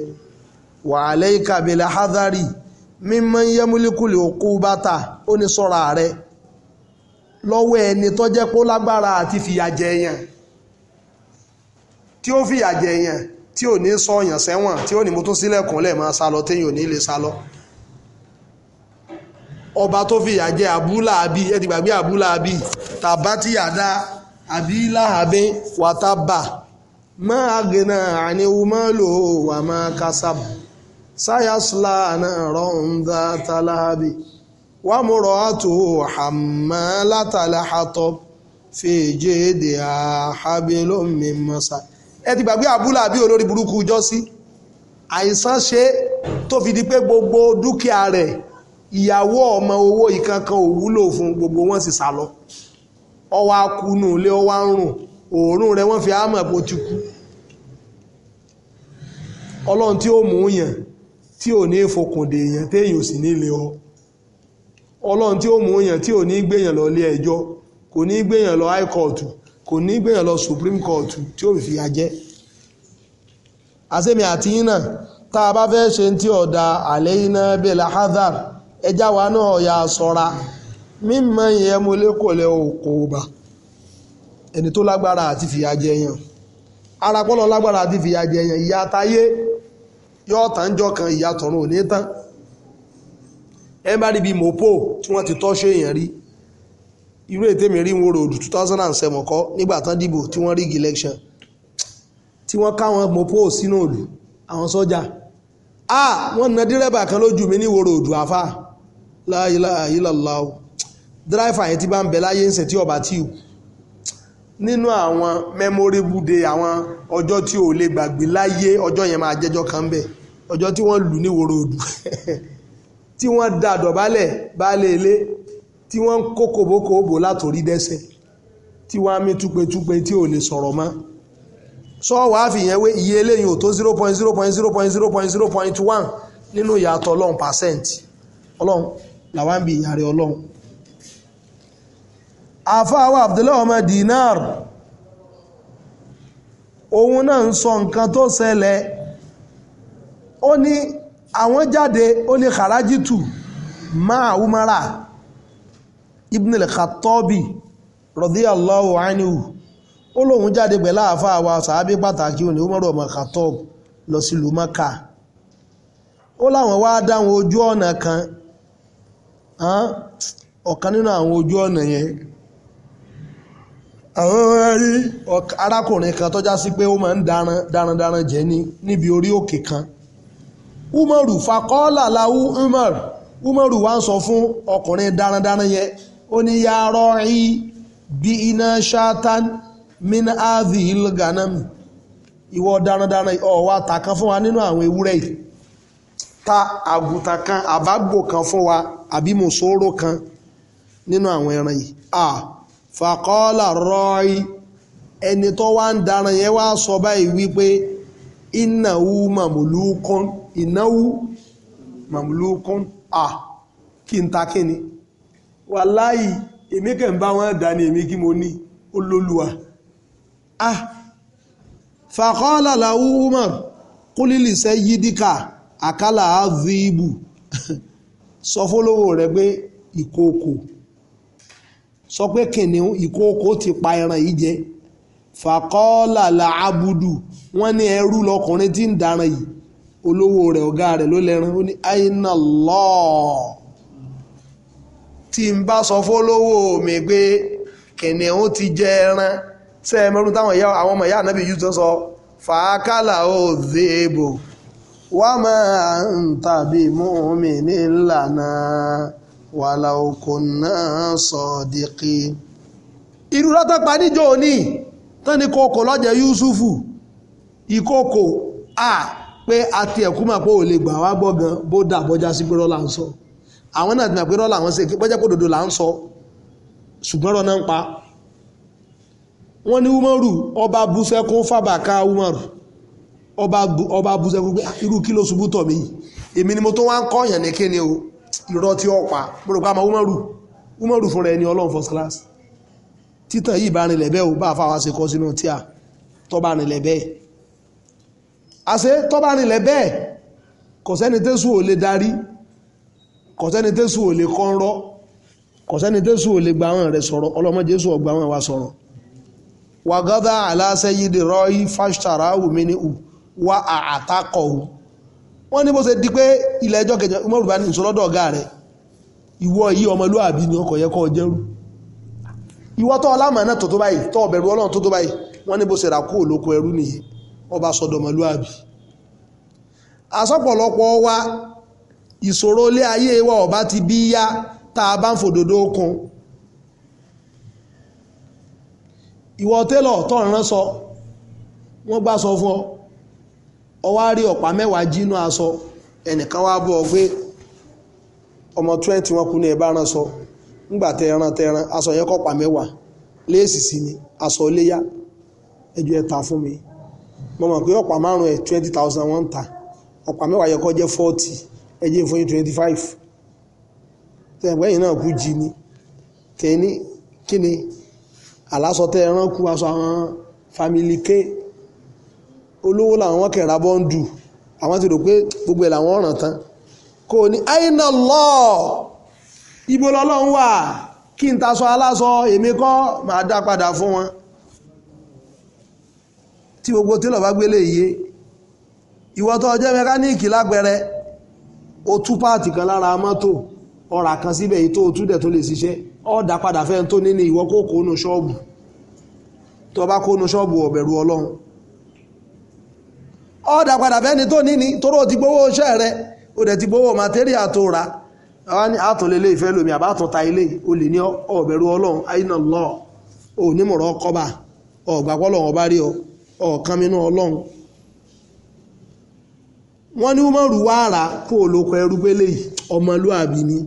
wàhálẹ́ ìkàbílẹ̀ hadari mímọ́ yẹmúlíkùlì òkú bàtà ó ní sọ́ra rẹ̀ lọ́wọ́ ẹni tó jẹ́ pó lágbára àti fìyàjẹ èèyàn tí ó fìyàjẹ èèyàn tí ò ní sọ ọ̀yàn sẹ́wọ̀n tí ó ní mú tún sílẹ̀kùn lẹ̀ máa sálọ téèyàn ò ní lè sálọ ọba tó fìyàjẹ àbúlàábí ẹ ti gbàgbé àbúlàábí tàbátìyàdá àbí láhàbí wàtábà máa àgìnà àníwú máa lò wà máa kásábù sáyásùlá náà rọ̀ǹda tálábì wà mú rọ̀ àtò hàmà látàlá àtọ̀ fèjé èdè àhábí lómi mọ́sá ẹ ti gbàgbé àbúlà bí olórí burúkú jọ́sí àìsàn ṣe tó fi di pé gbogbo dúkìá rẹ̀ ìyàwó ọmọ owó ìkankan ò fún gbogbo wọn sì sá lọ ọwọ́ akúnú ilé ọwọ́ àrùn òórùn rẹ̀ wọ́n fi àmọ̀ bó ti kú ọlọ́run tí ó mú yàn tí ò ní fokùndé èèyàn téèyàn ò sì nílé ọ ọlọ́run tí ó mú yàn tí ò ní gbéyàn lọ ilé ẹjọ́ kò ní gbéyàn lọ high court kò ní gbéyàn lọ supreme court tí ó fi ajẹ́ àsèmi àti yín náà tá a bá fẹ́ ṣe ti ọ̀dà àlẹ́ yín náà bẹ́ẹ̀ lahazar ẹjá wa náà ọ̀yà sọ́ra mímọ ìyẹn mo lékòlẹ̀ òkò ọba ẹni tó lágbára àti fìyà jẹ yàn ara pọ́lọ lágbára àti fìyà jẹ yàn ìyà táyé yóò tán jọ kan ìyà tọ̀run òní tán ẹ bá rí bí mopo tí wọ́n ti tọ́ṣọ èèyàn rí irú ètè mi rí wọn ròdù 2007 kọ́ nígbà tán dìbò tí wọ́n rí election tí wọ́n káwọn mopo sínú òlù àwọn sọ́jà ah wọ́n na dírẹ́bà kan lójú mi ní wòròdù àfà la ilaha illallah Driver yẹn ti bá ń bẹ láyé ń sẹ̀ tí ọba tí ò nínú àwọn memorable day àwọn ọjọ́ tí ò lè gbàgbé láyé ọjọ́ yẹn máa jẹ́jọ́ kan bẹ̀ ọjọ́ tí wọ́n lù ní wòrò òdù tí wọ́n da dọ̀bálẹ̀ baálé ilé tí wọ́n ń kó kòbókò bò látòrí dẹ́sẹ̀ tí wọ́n á mí túpetúpe tí ò lè sọ̀rọ̀ mọ́ sọ́ọ̀wá àfihàn wé iye eléyìí ò tó zero point zero point zero point zero point zero point one nínú ìyàtọ̀ ọlọ́run percent ọlọ́run làwọn bí ìyàrá ọlọ́run àfáàwà abdullahi ọmọ dinar òun náà ń sọ nǹkan tó ṣẹlẹ̀ ó ní àwọn jáde ó ní kàrájìtù máa umara ibn al-khattabi radiyallahu anhu ó lóun jáde pẹ̀lú àfáàwà sàábí pàtàkì òní umaru ọmọ khattab lọ sí lumaka ó láwọn wá dáwọn ojú ọ̀nà kan ọ̀kan nínú àwọn ojú ọ̀nà yẹn rí arákùnrin kan tọ́já sí pé ó máa ń daran daran daran jẹ́ ní níbi orí òkè kan umaru fakọ́lá láwú umar umaru wá ń sọ fún ọkùnrin daran daran yẹn ó ní ya rọ́ọ̀rí bí iná ṣáátán min avi ilganami ìwọ daran daran ọ̀wá ta kan fún wa nínú àwọn ewúrẹ́ yìí ta àgùntàn kan àbágbò kan fún wa àbí kan nínú àwọn ẹran yìí fàkọ́ọ́là rọ́ọ̀ì ẹni tó wá ń daran yẹn wá sọ báyìí wípé ìnáwó màmúlùkún ìnáwó màmúlùkún à kí n ta kí ni wàláì èmi kẹ̀ ń bá wọn dà ní èmi kí mo ní olólùwà à fàkọ́ọ́là làwọn umar kúlìlì yídíkà àkàlà àzíbù sọ fólówó rẹ pé ìkookò. sọ pé kìnìún ìkookò ti pa ẹran yìí jẹ abudu làábùdù wọ́n ní ẹrú lọkùnrin tí ń daran yìí olówó rẹ̀ ọ̀gá rẹ̀ ló lẹ́ran ó ní àyínà lọ́ọ̀ tí n bá sọ fólówó mi pé kìnìún ti jẹ ẹran ṣe é táwọn ìyá àwọn ọmọ ìyá ànábì yìí tó sọ fàákàlà ó zèébò wàá wàláwò kò náà sọ díkì. irú látọ́pa níjọ́ òní tán ni kòkò lọ́jẹ̀ Yusufu ìkòkò a pé àti ẹ̀kú mà pé ò lè gbà wá gbọ́ gan bó dà bọ́já sí pé rọ́là ń sọ àwọn náà ti mọ̀ pé rọ́là wọn ṣe bọ́já pé òdodo là ń sọ ṣùgbọ́n rọ́nà ń pa wọ́n ní Umaru ọba busẹ́kún fàbàkà Umaru ọba busẹ́kún pé ah, irú kí ló ṣubú tọ̀ mí èmi ni mo tó wá ń kọ́ ọ̀yàn ní kíni o irọ́ tí ó pa gbogbo àmọ́ umaru umaru fúnra ẹni ọlọ́run first class títàn yìí bá rìnlẹ̀ bẹ́ẹ̀ ò bá fáwa ṣe kọ́ sínú tíà tó bá rìnlẹ̀ bẹ́ẹ̀ àṣẹ tó bá rìnlẹ̀ bẹ́ẹ̀ kò sẹ́ni tẹ́sù ò lè darí kò sẹ́ni tẹ́sù ò lè kọ́ńrọ́ kò sẹ́ni tẹ́sù ò lè gba àwọn rẹ̀ sọ̀rọ̀ ọlọ́mọ jésù ọgbà àwọn wa sọ̀rọ̀ wàgádà aláṣẹ́yìdì rọ́ọ̀yì fásitàrà wùmí ni ù wá àtàkọ̀ọ́ wọ́n ní bó ṣe di pé ilẹ̀ ẹjọ́ kẹjọ mọ́rùbá ní ìṣòlọ́dọ̀ ọ̀gá rẹ̀ ìwọ yí ọmọlúàbí ni ọkọ̀ yẹ kọ́ jẹ́rú ìwọ tó ọlámà náà tó tó báyìí tó ọ̀bẹ̀rù ọlọ́run tó tó báyìí wọ́n ní bó ṣe rà kúrò lóko ẹrú nìyẹn ọba sọ́dọ̀ ọmọlúàbí àsọ̀pọ̀lọpọ̀ wa ìṣòro ilé ọwá rí ọ̀pá mẹ́wàá jínú aṣọ ẹnìkan wá bọ́ gbé ọmọ 20 wọn kú ní ẹ̀bá ran sọ ńgbà tẹran tẹran aṣọ yẹn kọ́pà mẹ́wàá léèsì sí ni aṣọ léyà Eju ẹ ta fún mi mo mọ̀ pé ọ̀pá márùn-ún ẹ̀ 20,000 ta ọ̀pá mẹ́wàá yẹ jẹ́ 40 ẹjẹ́ fún yín 25 náà kú ni tẹ̀ ní àlásọ tẹ́ aṣọ àwọn olówó làwọn wọn kẹrà bọ́ǹdù àwọn ti rò pé gbogbo ẹ̀ làwọn ọ̀ràn tán kò ní àyínà lọ ibo lọ́lọ́run wà kí n ta sọ aláṣọ èmi kọ́ máa dá padà fún wọn tí gbogbo télọ̀ bá gbélé yìí ìwọ tó jẹ́ mẹkáníìkì lágbẹrẹ o tú páàtì kan lára mọ́tò ọ̀rà kan síbẹ̀ yìí tó o túdẹ̀ tó lè ṣiṣẹ́ ọ̀dà padà fẹ́ tó ní ní kó kó nu ṣọ́ọ̀bù tó bá kó nu ṣọ́ọ̀bù ọ̀bẹ̀rù ọlọ́run ọ̀dà padà fẹ́ni tó ní ni toró ti gbowó iṣẹ́ rẹ ó dẹ̀ ti gbowó màtẹ́ríà tó ra àtòlélé ìfẹ́ lómi àbátọ̀ta ilé o lè ní ọ̀bẹ̀rù ọlọ́run àìnà lọ ò nímọ̀rọ̀ kọba ọ̀gbàpọ̀lọ̀ ọba rí ọ ọ̀kanmínú ọlọ́run wọ́n ní wọ́n rú wàrà kó olóko ẹrú pélé ọmọlúàbí ni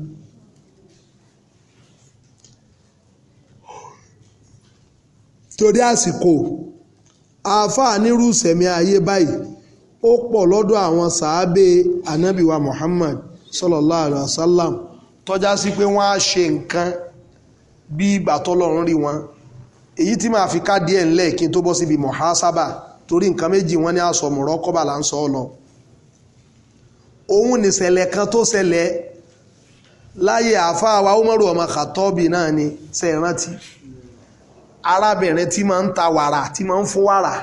torí àsìkò àáfàá nírú sẹ̀mí ayé báyìí ó pọ̀ lọ́dọ̀ àwọn sàábé anábìwa Muhammad sallallahu alaihi wa sallam tọ́já sí pé wọ́n á ṣe nǹkan bí ìgbà tọ́lọ́run rí wọn èyí tí màá fi ká díẹ̀ ńlẹ̀ kí n tó bọ́ síbi mọ̀hásábà torí nǹkan méjì wọ́n ní àsọ mọ̀rọ́kọ́bà là ń sọ ọ́ lọ òun nìṣẹ̀lẹ̀ kan tó ṣẹlẹ̀ láyé àáfáà wa Umaru ọmọ Khattabi náà ni ṣe rántí arábìnrin tí máa ń ta wàrà tí máa ń fún wàrà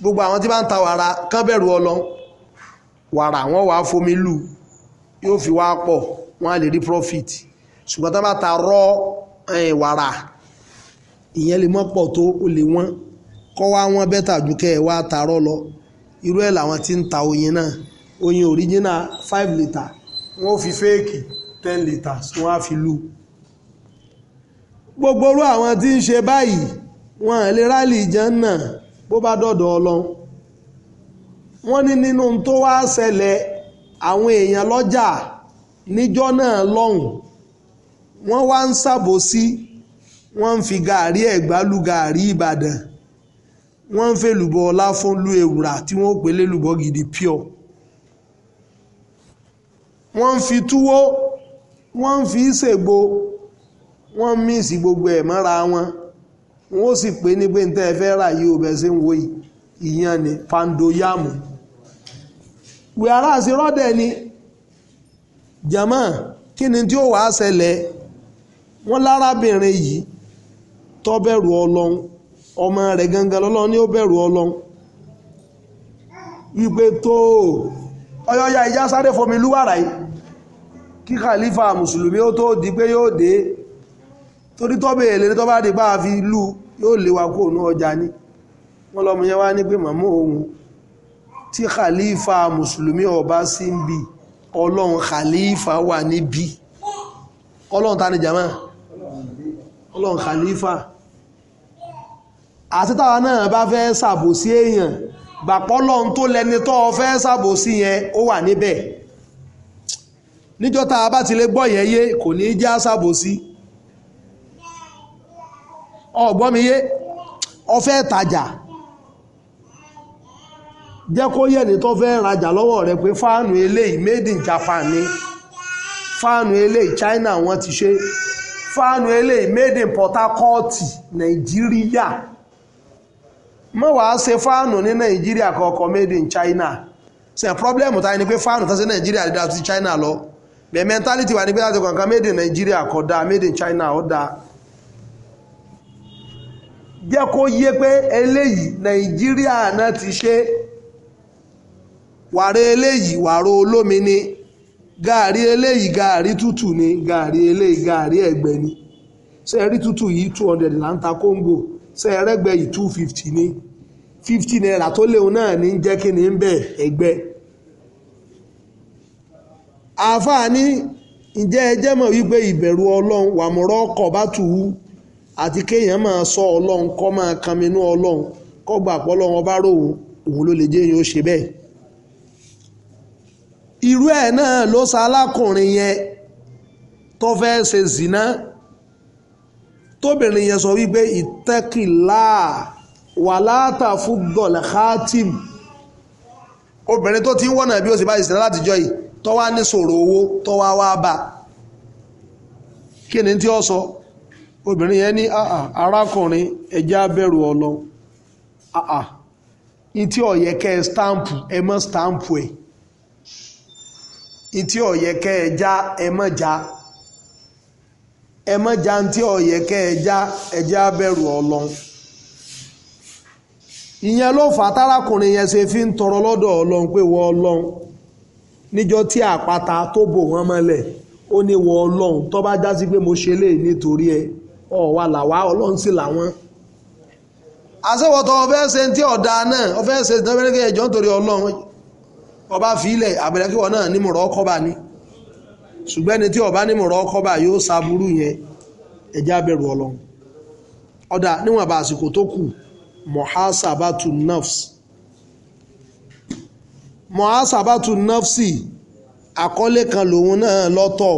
gbogbo àwọn tí bá ń ta wàrà kán bẹ̀rù ọlọ́n wàrà wọ́n wàá fomi lù yóò fi wá pọ̀ wọ́n lè rí profit ṣùgbọ́n tó bá ta rọ́ wàrà ìyẹn lè mọ́ pọ̀ tó o lè wọ́n kọ́ wá wọ́n bẹ́tà ju kẹ́ ẹ̀ wá ta rọ́ lọ irú ẹ̀ làwọn tí ń ta oyin náà oyin original five litre wọ́n fi fẹ́ẹ̀kì ten litres wọ́n á fi lù gbogbo orú àwọn tí ń ṣe báyìí wọ́n lè rálì jẹ́ náà bó bá dọ̀dọ̀ ọlọ́run wọ́n ní nínú tó wá ṣẹlẹ̀ àwọn èèyàn lọ́jà níjọ́ náà lọ́hùn wọ́n wá ń ṣàbòsí wọ́n ń fi gàárì ẹ̀gbá lu gàárì ìbàdàn wọ́n ń fẹ́ lùbọ̀ ọlá fún lu ewùrà tí wọ́n pè lé gidi pure wọ́n ń fi túwó wọ́n ń fi ṣègbò wọ́n ń mí sí gbogbo ẹ̀ mọ́ra wọn wọ́n sì pé ní pé fẹ́ rà yìí bẹ́ẹ̀ ṣe ń wo ìyàn ni pandoyamu wíwárà sí rọ́dẹ̀ ni jama kí ni tí ó wàá ṣẹlẹ̀ wọ́n lárábìnrin yìí tó bẹ̀rù ọlọ́run ọmọ rẹ̀ gangan lọ́lọ́run ni ó bẹ̀rù ọlọ́run wípé tó ọyọ́ya ìjà sáré fomi lúwàrà yìí kí khalifa mùsùlùmí ó tó di pé yóò dé torí tọ́bẹ̀ èlé tó bá dé bá fi lú yóò léwa kó òun ọjà ní wọ́n lọ́mọ yẹn wá ní pé màmá òun tí khalifa mùsùlùmí ọba sí ń bì ọlọ́run khalifa wà níbí ọlọ́run ta ni jama ọlọ́run khalifa àti táwa náà bá fẹ́ ṣàbòsí èèyàn gbàpọ́lọ́run tó lẹni tó fẹ́ ṣàbòsí yẹn ó wà níbẹ̀ níjọ́ tá a bá ti lè gbọ́ yẹn yé kò ní í já ṣàbòsí. ọ̀gbọ́n mi yé ọfẹ́ tajà jẹ́ kó yẹ̀ni tó fẹ́ rajà lọ́wọ́ rẹ̀ pé fáànù eléyìí made in Japan ni fáànù eléyìí China wọ́n ti ṣe fáànù eléyìí made in Port Harcourt Nàìjíríà mọ́ wàá ṣe fáànù ní Nàìjíríà kọ̀ọ̀kan made in China ṣe pọ́blẹ́mù ta ni pé fáànù tó ṣe Nàìjíríà dídá sí China lọ bẹ́ẹ̀ mẹ́ntálítì wà ní pé láti kọ̀ọ̀kan made in Nàìjíríà kódà made in China ó dáa jẹ́ kó yé pé eléyìí nàìjíríà náà ti ṣe wàrà eléyìí wàrà olómi ni gààrí eléyìí gààrí tútù ni gààrí eléyìí gààrí ẹ̀gbẹ́ ni tútù yìí two ta kóńgò yìí two fifty ni fifty naira tó léwu náà ní jẹ́ kí ni ń bẹ̀ ẹ̀gbẹ́ àáfàá ní ǹjẹ́ ẹ jẹ́ mọ̀ wípé ìbẹ̀rù ọlọ́run àti kéèyàn máa sọ ọlọ́run kọ́ máa kaminú ọlọ́run kọ́ gbà pọ́ ọlọ́run ọba róhun òun ló lè jẹ́yìn ó ṣe bẹ́ẹ̀ irú ẹ̀ náà ló sa alákùnrin yẹn tó fẹ́ ṣe zina tóbìnrin yẹn sọ wípé ìtẹ́kìlá wàláàtà fún gọ̀lẹ̀ khatim obìnrin tó ti ń wọ́nà bí ó sì bá ìsìnlẹ̀ láti yìí tó ní sòrò owó tó wá bá kí ni tí ó sọ obìnrin yẹn ní àà arákùnrin ẹja bẹ̀rù ọlọ́run àà ìtí ọ̀yẹ́ kẹ́ ẹ stamp ẹ mọ́ stamp ẹ̀ ìtí ọ̀yẹ́ kẹ́ ẹ já ẹ mọ́ já ẹ mọ́ já ntí ọ̀yẹ́ kẹ́ ẹ já ẹja bẹ̀rù ọlọ́run ìyẹn ló fà tárakùnrin yẹn ṣe fi ń tọrọ lọ́dọ̀ ọlọ́run pé wọ ọlọ́run níjọ́ tí àpáta tó bò wọ́n mọ́lẹ̀ ó ní wọ ọlọ́run tó bá já sí pé mo ṣe léè nítorí ẹ̀ ọ̀wà làwà ọlọ́run sì làwọn àṣẹwọ̀tọ̀ ọ̀fẹ́ ṣe ti ọ̀dà náà ọ̀fẹ́ ṣe ti ọ̀fẹ́ ẹjọ́ nítorí ọlọ́run ọba fìlẹ̀ àbẹ̀lẹ́kíwọ̀ náà ní mọ̀rọ̀ ọkọ̀ bá ní ṣùgbọ́n ẹni tí ọba ní mọ̀rọ̀ ọkọ̀ bá yóò ṣàbúrú yẹn ẹjẹ́ abẹ̀rù ọlọ́run ọ̀dà níwọ̀n bá àsìkò tó kù mọ̀hásábàtú nafs mọ̀hásábàtú nafsi àkọlé kan lòun náà lọ́tọ̀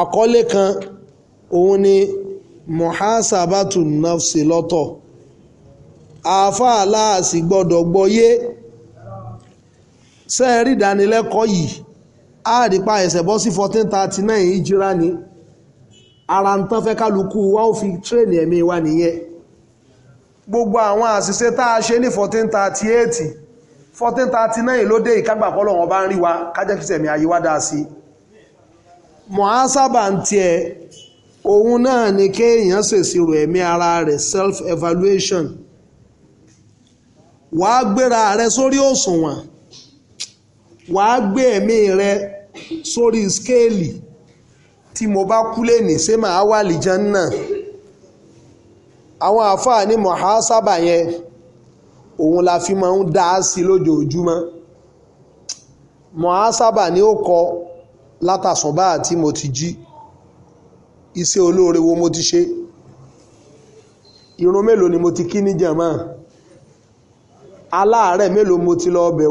àkọlé òun ni muhasabatu nafsi lọ́tọ̀ àáfàá aláàsì gbọ́dọ̀ gbọ́yé sẹ́ẹ̀rí ìdánilẹ́kọ̀ọ́ yìí àdìpá ẹ̀sẹ̀ bọ́ sí fourteen thirty ìjírá ni ara ń tán fẹ́ kálukú wa ó fi tírèènì ẹ̀mí wa nìyẹn gbogbo àwọn àṣìṣe tá a ṣe ní fourteen thirty eight fourteen thirty nine ló dé ìkágbà pọ́lọ̀ bá ń rí wa kájẹ́kísẹ̀mí ayé wa dá sí i ń tiẹ̀ òun náà ni kéèyàn ṣèṣirò ẹ̀mí ara rẹ̀ self evaluation wàá gbéra rẹ sórí òṣùwọ̀n wàá gbé ẹ̀mí rẹ sórí scale tí mo bá kú lẹ́nìí ṣé màá wà lìjàn náà àwọn àáfàá ní mọ̀hásábà yẹn òun la fi máa ń dá sí lójoojúmọ́ mọ̀hásábà ni ó kọ látàsùnbà tí mo ti jí. iṣẹ́ olóore wo mo ti ṣe irun mélòó ni mo ti kí ní jàmá aláàárẹ̀ mélòó mo ti lọ bẹ̀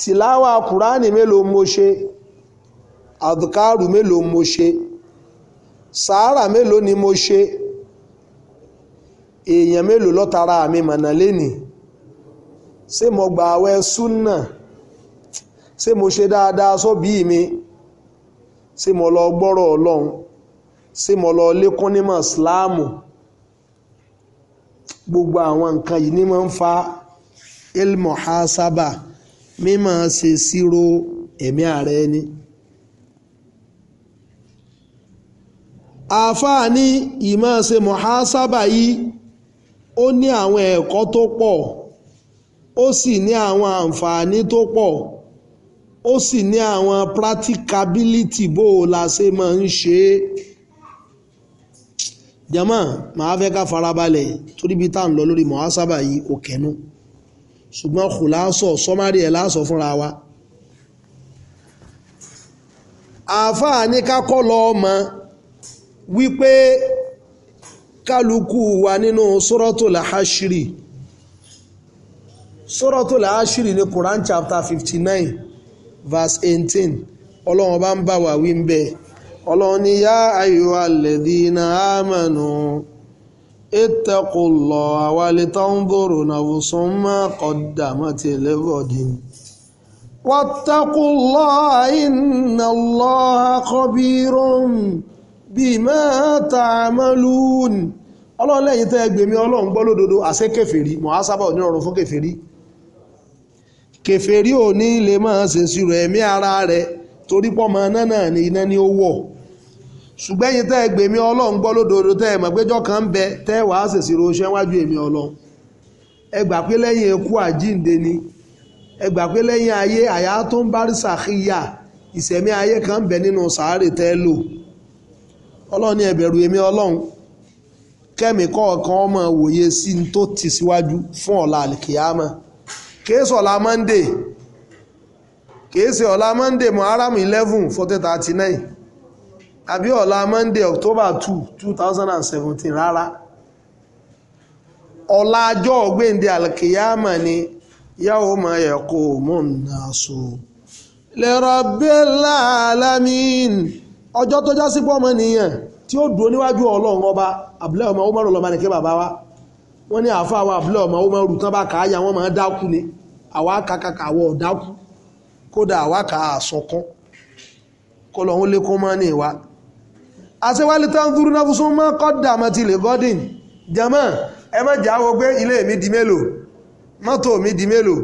tìláwà kùránì mélòó mo ṣe àdùkárù mélòó mo ṣe sàárà mélòó ni mo ṣe èèyàn mélòó lọ́tara mi mọ̀nà lẹ́nì ṣé mo gbà àwẹ̀ súnà ṣé mo ṣe dáadáa sóbì mi ṣé mo lọ gbọ́rọ̀ ọlọ́run ṣé mo lọ lékún nímọ̀ síláàmù gbogbo àwọn nǹkan yìí ní máa ń fa ilmọ̀ hasaba mímọ̀ ṣe sírò ẹ̀mí ààrẹ ni. àáfàá ní ìmọ̀ ṣe mọ̀hásábà yìí ó ní àwọn ẹ̀kọ́ tó pọ̀ ó sì ní àwọn àǹfààní tó pọ̀ ó sì ní àwọn practicability bó o la ṣe máa ń ṣe é jama màá fẹ́ ká farabalẹ̀ torí bí tá à ń lọ lórí muhasaba yìí kò kẹnu ṣùgbọ́n kò láàsọ sọ́márì ẹ̀ láàsọ fúnra wa àáfàá ní kákọ́ lọ ọmọ wípé kálukú wa nínú suratul hashiri suratul hashiri ní Quran chapter fifty nine verse 18 ọlọ́run bá ń bá wa wí ń bẹ̀ ọlọ́run ní yá ayò alladhina amanu ittaqullaha walitanzuru nafsun ma qaddamat lighadin wattaqullaha innallaha khabirun bima ta'malun ọlọ́run lẹ́yìn tẹ́ gbèmí ọlọ́run gbọ́ lódodo àṣẹ kèfèrí mọ̀ á sábà ní rọrùn fún kèfèrí kèfèrí ò ní lè máa ṣèṣirò ẹ̀mí ara rẹ̀ torí pọ́mọ náà náà ni iná ní ó ṣùgbọ́n ẹ̀yin tẹ́ ẹ gbèmí ọlọ́run gbọ́ lódodo tẹ́ ẹ mọ̀ péjọ́ kan ń bẹ tẹ́ ẹ wàá nwaju emi wájú èmi ọlọ́run ẹ gbà pé lẹ́yìn ni ẹ gbà pé lẹ́yìn ayé àyà tó ń bárí sàkíyà ìṣẹ̀mí ayé kan ń bẹ nínú sàárè tẹ́ ẹ lò ọlọ́run ní ẹ fún ọ̀la àlìkìyàmọ́ kéésì ọ̀la monday kéésì ọ̀la monday 11:49 eleven fourteen thirty nine àbí ọ̀la monday october two two thousand and ajọ́ ọ̀gbẹ́ndé alkiyama ni yàwó máa yẹ kó mọ̀nàṣó lẹ́rọ̀bẹ́lá ọjọ́ tó já sí pọ́ tí ó dúró níwájú ọlọ́run ọba abúlé wa. wọ́n ní àfa àwọn àbúlọ̀ ọmọ ó máa rù tán bá kà á ya wọ́n máa dákú ni àwa kàkàkà àwọ̀ ọ̀dákú kódà àwa kà á sọkún kọ́ lọ́hún lé kó máa ní ìwà. àṣewálé tán dúró náà fún súnmọ́ kọ́dà àmọ́ ti lè gọ́dìn jẹ́mọ́ ẹ má jà wọ pé ilé mi di mélòó mọ́tò mi di mélòó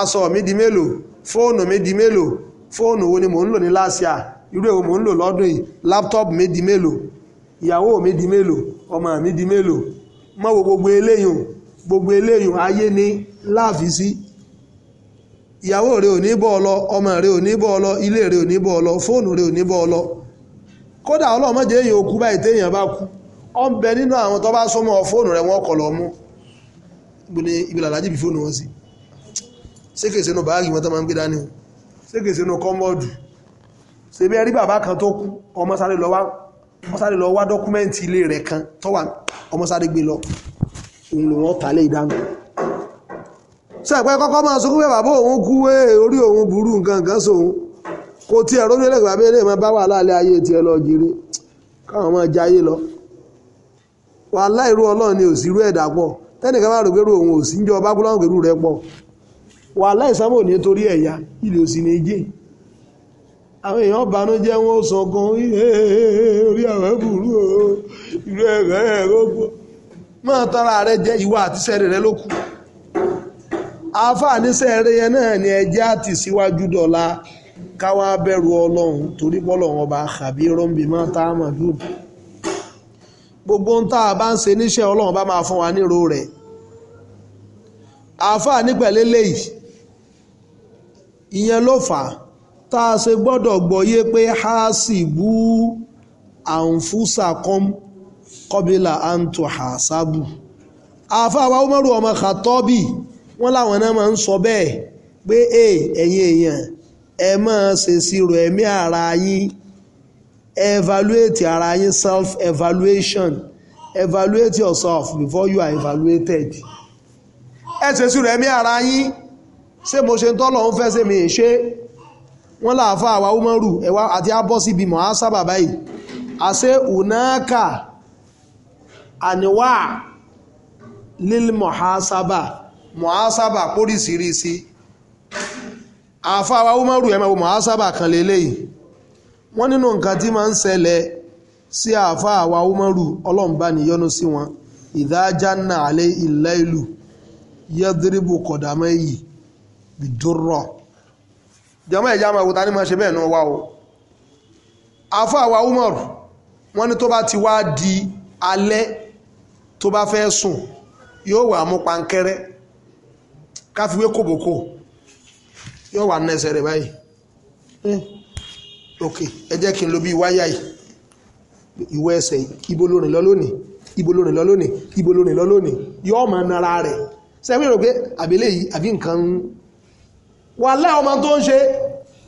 aṣọ mi di mélòó fóònù mi di mélòó fóònù wo ni mò ń lò ní láṣìá irú èwo mò ń lò lọ́dún yìí láptọ́ọ̀pù mi di mélòó ìyàwó mi di mélòó ọmọ mi di mélòó mọ́ wo gbogbo eléyìn gbogbo eléyìn ayé ni láàfi sí ìyàwó rẹ̀ ò ní bọ́ ọ lọ ọmọ rẹ̀ ò ní bọ́ ọ lọ ilé rẹ̀ ò ní bọ́ ọ lọ fóònù rẹ̀ ò ní bọ́ ọ lọ kódà ọlọ́mọdé èèyàn òkú báyìí téèyàn bá kú ọ ń bẹ nínú àwọn tó bá súnmọ́ fóònù rẹ̀ wọ́n kọ̀ lọ mú ibi làlájì bí fóònù wọn sí sékèsè nù báàgì wọn tó máa ń gbé dání o sékèsè nù kọ́mọ́ọ̀dù ṣebí ẹ bàbá kan tó kú ọmọ sáré lọ wá dọ́kúmẹ́ǹtì ilé rẹ̀ kan tó ọmọ sáré gbé lọ òun ló wọ́n tàlé ìdáná sẹ́pẹ́ kọ́kọ́ máa sunkún pé bàbá òun kú wé orí òun burú nǹkan kan sóun kò tiẹ̀ rónú ilé ìgbà bẹ́ẹ̀ lè máa bá wà láàlẹ́ ayé tiẹ̀ lọ jírí káwọn máa jayé lọ wà láìrú ọlọ́run ni òsì rú ẹ̀dá pọ̀ tẹ́nìkan máa rò pé òun òsì ń jọ bá gbọ́dọ̀ pẹ̀lú rẹ pọ̀ wà láìsàmò ní torí ẹ̀yà ilé òsì ní jẹ́ àwọn èèyàn banújẹ́ wọn sọ gan orí ẹ̀rẹ́ burú o ìlú ẹ̀rẹ́ ẹ̀rọ gbọ́ máa tọ́ra rẹ jẹ́ ìwà àtisẹ́rẹ́ rẹ ló kù àáfàá nísẹ́rẹ́ yẹn náà ni ẹjẹ́ àti síwájú dọ̀la káwá bẹ̀rù ọlọ́run torí bọ́lọ́run ọba àkàbí rọ́ǹbì máa tá a mọ̀ dùn gbogbo ń tá a bá ń ṣe níṣẹ́ ọlọ́run bá máa fún wa nírò rẹ̀ àáfàá nípẹ̀lẹ́lẹ́yìí ìyẹn ló fà á tá a ṣe gbọ́dọ̀ gbọ́yé pé hasibu anfusakom kọbílà antu hasabu àfáàwá umaru ọmọ khatobi wọ́n láwọn náà máa ń sọ bẹ́ẹ̀ pé ẹ̀yin èèyàn ẹ máa ṣèṣirò ẹ̀mí ara yín evaluate ara yín self evaluation evaluate yourself before you are evaluated ẹ ṣèṣirò ẹ̀mí ara yín ṣé mo ṣe ń tọ́lọ̀ ń fẹ́ ṣe mi ṣe wọ́n láàfá àwà umaru ẹ̀wà àti abọ́ síbi mọ̀ á sábà báyìí àṣẹ unaka àníwá lílmọ̀ á sábà mọ̀ á sábà póríṣiríṣi àfá àwà umaru ẹ̀mọ̀ mọ̀ á sábà kan lélẹ́yìí wọ́n nínú nǹkan tí máa ń ṣẹlẹ̀ sí àfá àwà umaru ọlọ́mbà níyọ́nú sí wọn ìdájánà alẹ́ ilẹ̀ ìlú yẹ́díríbù kọ̀dàmẹ́yì bìdúrọ̀ jẹmọ́ ẹ̀já máa wòta ní máa ṣe bẹ́ẹ̀ náà wá o àfáà wa Umar wọ́n ní tó bá ti wá di alẹ́ tó bá fẹ́ sùn yóò wà mú pankẹ́rẹ́ káfíwé kòbókò yóò wà nà ẹsẹ̀ rẹ̀ báyìí ok ẹ jẹ́ kí n lo bí wáyà yìí ìwọ ẹsẹ̀ ibo lórin lọ lónìí yóò máa nara rẹ̀ sẹ́wọ́n rò pé àbílẹ̀ yìí àbí nǹkan ń wà lẹ́ ọmọ tó ń ṣe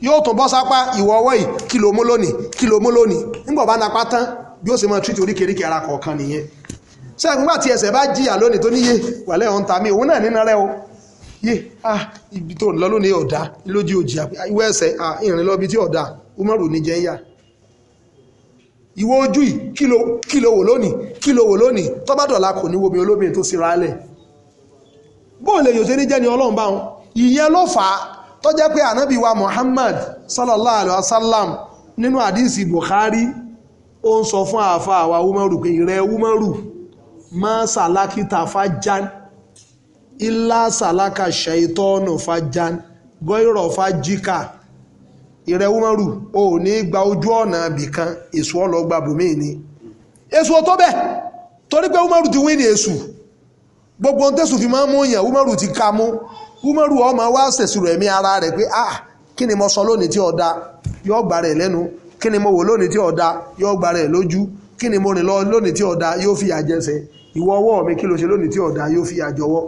yóò tún bọ́ sápá ìwọ ọwọ́ yìí kí ló mú lónìí kí ló mú lónìí nígbà bá napá tán bí ara kọ̀ọ̀kan nìyẹn ṣé nígbà tí ẹsẹ̀ bá jìyà lónìí tó níye wà lẹ́ ọ̀hún ta òun náà nínú rẹ o yé ah ibi tó ń lọ lónìí ọ̀dà lójú òjì ẹsẹ̀ ìrìn lọ tí ọ̀dà umaru ní jẹ́ ìwọ ojú yìí kí ló wò lónìí kí ló wò lónìí tó jẹ́ pé ànábì wa Muhammad sallallahu alayhi wa sallam nínú àdísì Bukhari ó ń sọ fún àáfà àwa umaru pé ìrẹ umaru má sàlákìtà fáján ilá sàlákà ṣàìtọ́nù fáján gọ́ìrọ̀ fájíkà ìrẹ umaru ò ní gba ojú ọ̀nà àbìkan èso ọlọ́gba bùnmí ni èso tó bẹ̀ torí pé umaru ti wí ní èso gbogbo ohun tẹ́sù fi máa mú yàn umaru ti ka mú umaru ọmọ wa ṣèṣirò ẹ̀mí ara rẹ̀ pé ah kí ni mo sọ lónìí tí ọ̀dà yọ gbà rẹ̀ lẹ́nu kí ni mo wò lónìí tí ọ̀dà yọ gbà rẹ̀ lójú kí ni mo rìn lọ lónìí tí ọ̀dà yóò fi àjẹsẹ̀ ìwọ ọwọ́ mi kí ló ṣe lónìí tí ọ̀dà yóò fi àjọwọ́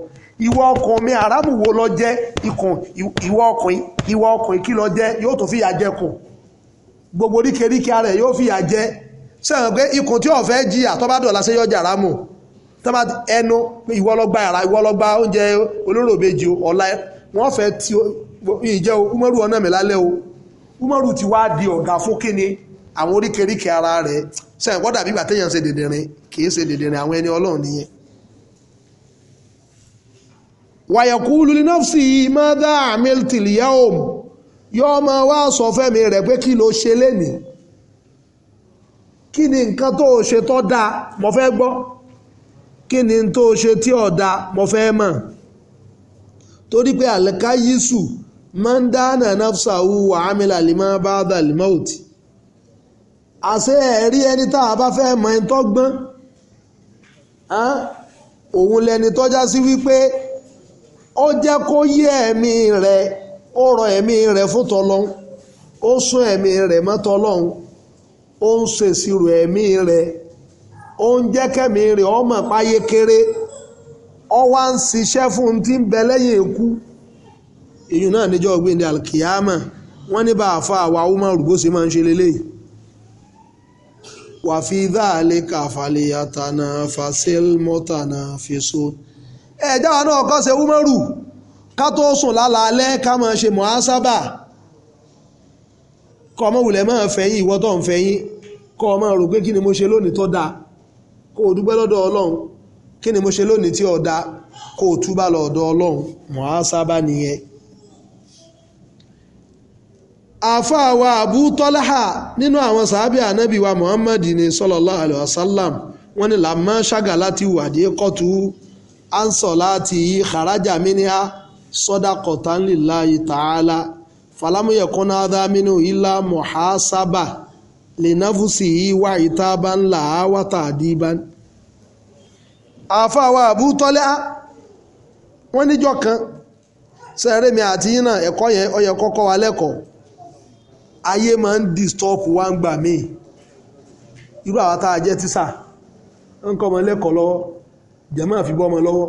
ìwọ ọkàn mi àrámù wo lọ jẹ́ ikùn ìwọ ọkùnrin ìwọ ọkùnrin kí lọ jẹ́ yóò tó fi àjẹ kùn gbogbo oríkèéríkèé ara yóò fi àjẹ sẹ́wọ̀n pé ikùn tí ọ̀fẹ́ jìyà tó bá dọ̀la ṣe yọjà rámù tọ́ba ẹnu ìwọ lọ́gba yàrá ìwọ lọ́gba oúnjẹ olóró méjì ọ̀la wọ́n fẹ́ ti ìjẹ́ umaru ọ̀nà mi lálẹ́ o umaru ti wá di ọ̀gá fún kíni àwọn oríkèéríkèé ara rẹ̀ sẹ́yìn kọ́ dàbí ìgbà téèyàn ṣe dèdèrìn kì í ṣe dèdèrìn àwọn ẹni ọlọ́run nìyẹn. wàyẹ̀kú lulí nọ́ọ̀sì mọ́dá amíltìlì yaom yóò máa wá sọ fẹ́mi rẹ̀ pé kí ló ṣe lénìí kí ni nǹkan tó ṣe tó dáa mo fẹ́ gbọ́ kí ni tó ṣe tí ọ̀dà mo fẹ́ mọ̀ torí pé àlẹ́káyísù máa ń dáná nafsahu wa amila lima ba'da al-maut àṣẹ ẹ̀rí ẹni tá a bá fẹ́ mọ ẹni tó gbọ́n òun lẹni tọ́já sí wípé ó jẹ́ kó yé ẹ̀mí rẹ̀ ó rọ ẹ̀mí rẹ̀ fún tọlọ́hún ó sún ẹ̀mí rẹ̀ mọ́ tọlọ́hún ó ń ṣèṣirò ẹ̀mí rẹ̀ ó ń jẹ́ kẹ́mi rẹ̀ ọmọ páyé kéré ọ wá ń ṣiṣẹ́ fún un tí ń bẹ lẹ́yìn ikú èyí náà níjọ́ alkiyama wọ́n ní bá àfa àwa ọmọ rúgbó sí máa ń ṣe lélẹ́yìí wà fi dáàlé àtànà fàṣẹ́l mọ́tànà fèso ẹ̀já wa náà kọ́ ṣe wúmọ́rù ká tó sùn lálàálẹ́ ká máa ṣe mọ̀ásábà kọ́ ọmọ wùlẹ̀ máa fẹ́yìn ń fẹ́yìn kọ́ ọmọ kó o dúpẹ́ lọ́dọ̀ ọlọ́run kí ni mo ṣe lónìí tí ọ̀dà kó o túbà lọ́dọ̀ ọlọ́run mọ̀ásábà nìyẹn àfáà wa Abu Talha nínú àwọn sàábì ànábì wa Muhammad ní sallallahu alaihi wasallam wọ́n ní làmọ́ ṣàgàlá ti wàdí kọ́tù ansọ̀ láti yí kharaja mínìá sadaqatan lillahi ta'ala falamu yakun hadha minhu illa muhasaba. linafusi wa itaban la wa tadiban àfáwà Abu Talha wọ́n níjọ́ kan sẹ́rẹ́ mi àti yín náà ẹ̀kọ́ yẹn ó yẹ wa lẹ́kọ̀ọ́ ayé máa ń disturb wa ń gbà míì irú àwọn tá a jẹ tíṣà ń kọ́ ọmọ lẹ́kọ̀ọ́ lọ́wọ́ jẹ̀mọ́ àfi bọ́ ọmọ lọ́wọ́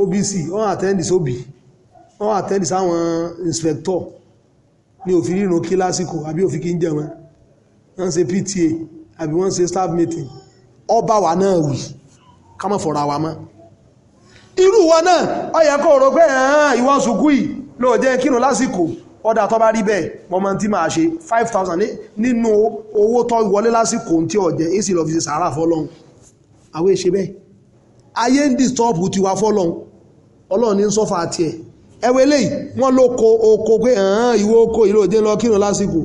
OBC wọ́n àtẹ́ndì sóbì wọ́n inspector ní òfin wọ́n ṣe PTA àbí wọ́n ṣe staff meeting ọba wa náà wì ká má fọ̀rọ̀ àwa mọ́ irú wa náà ó yẹ kó rò pé ìwọ sùkú yìí ló jẹ́ kírun lásìkò ọ̀dà tó bá rí bẹ́ẹ̀ mo mọ tí màá ṣe five thousand nínú owó tó wọlé lásìkò tí ọ̀jẹ̀ èsì lọ́ọ́ fi ṣe sàárà fọ́lọ́hún àwọn èṣe bẹ́ẹ̀ ayé ń dìstọ́ọ̀bù tiwa fọ́lọ́hún ọlọ́run ní sọ́fà tiẹ̀ ẹ̀wẹ̀ lẹ́yìn wọ́n ló ko oko pé ìwọ oko ìlú òde lọ kírun lásìkò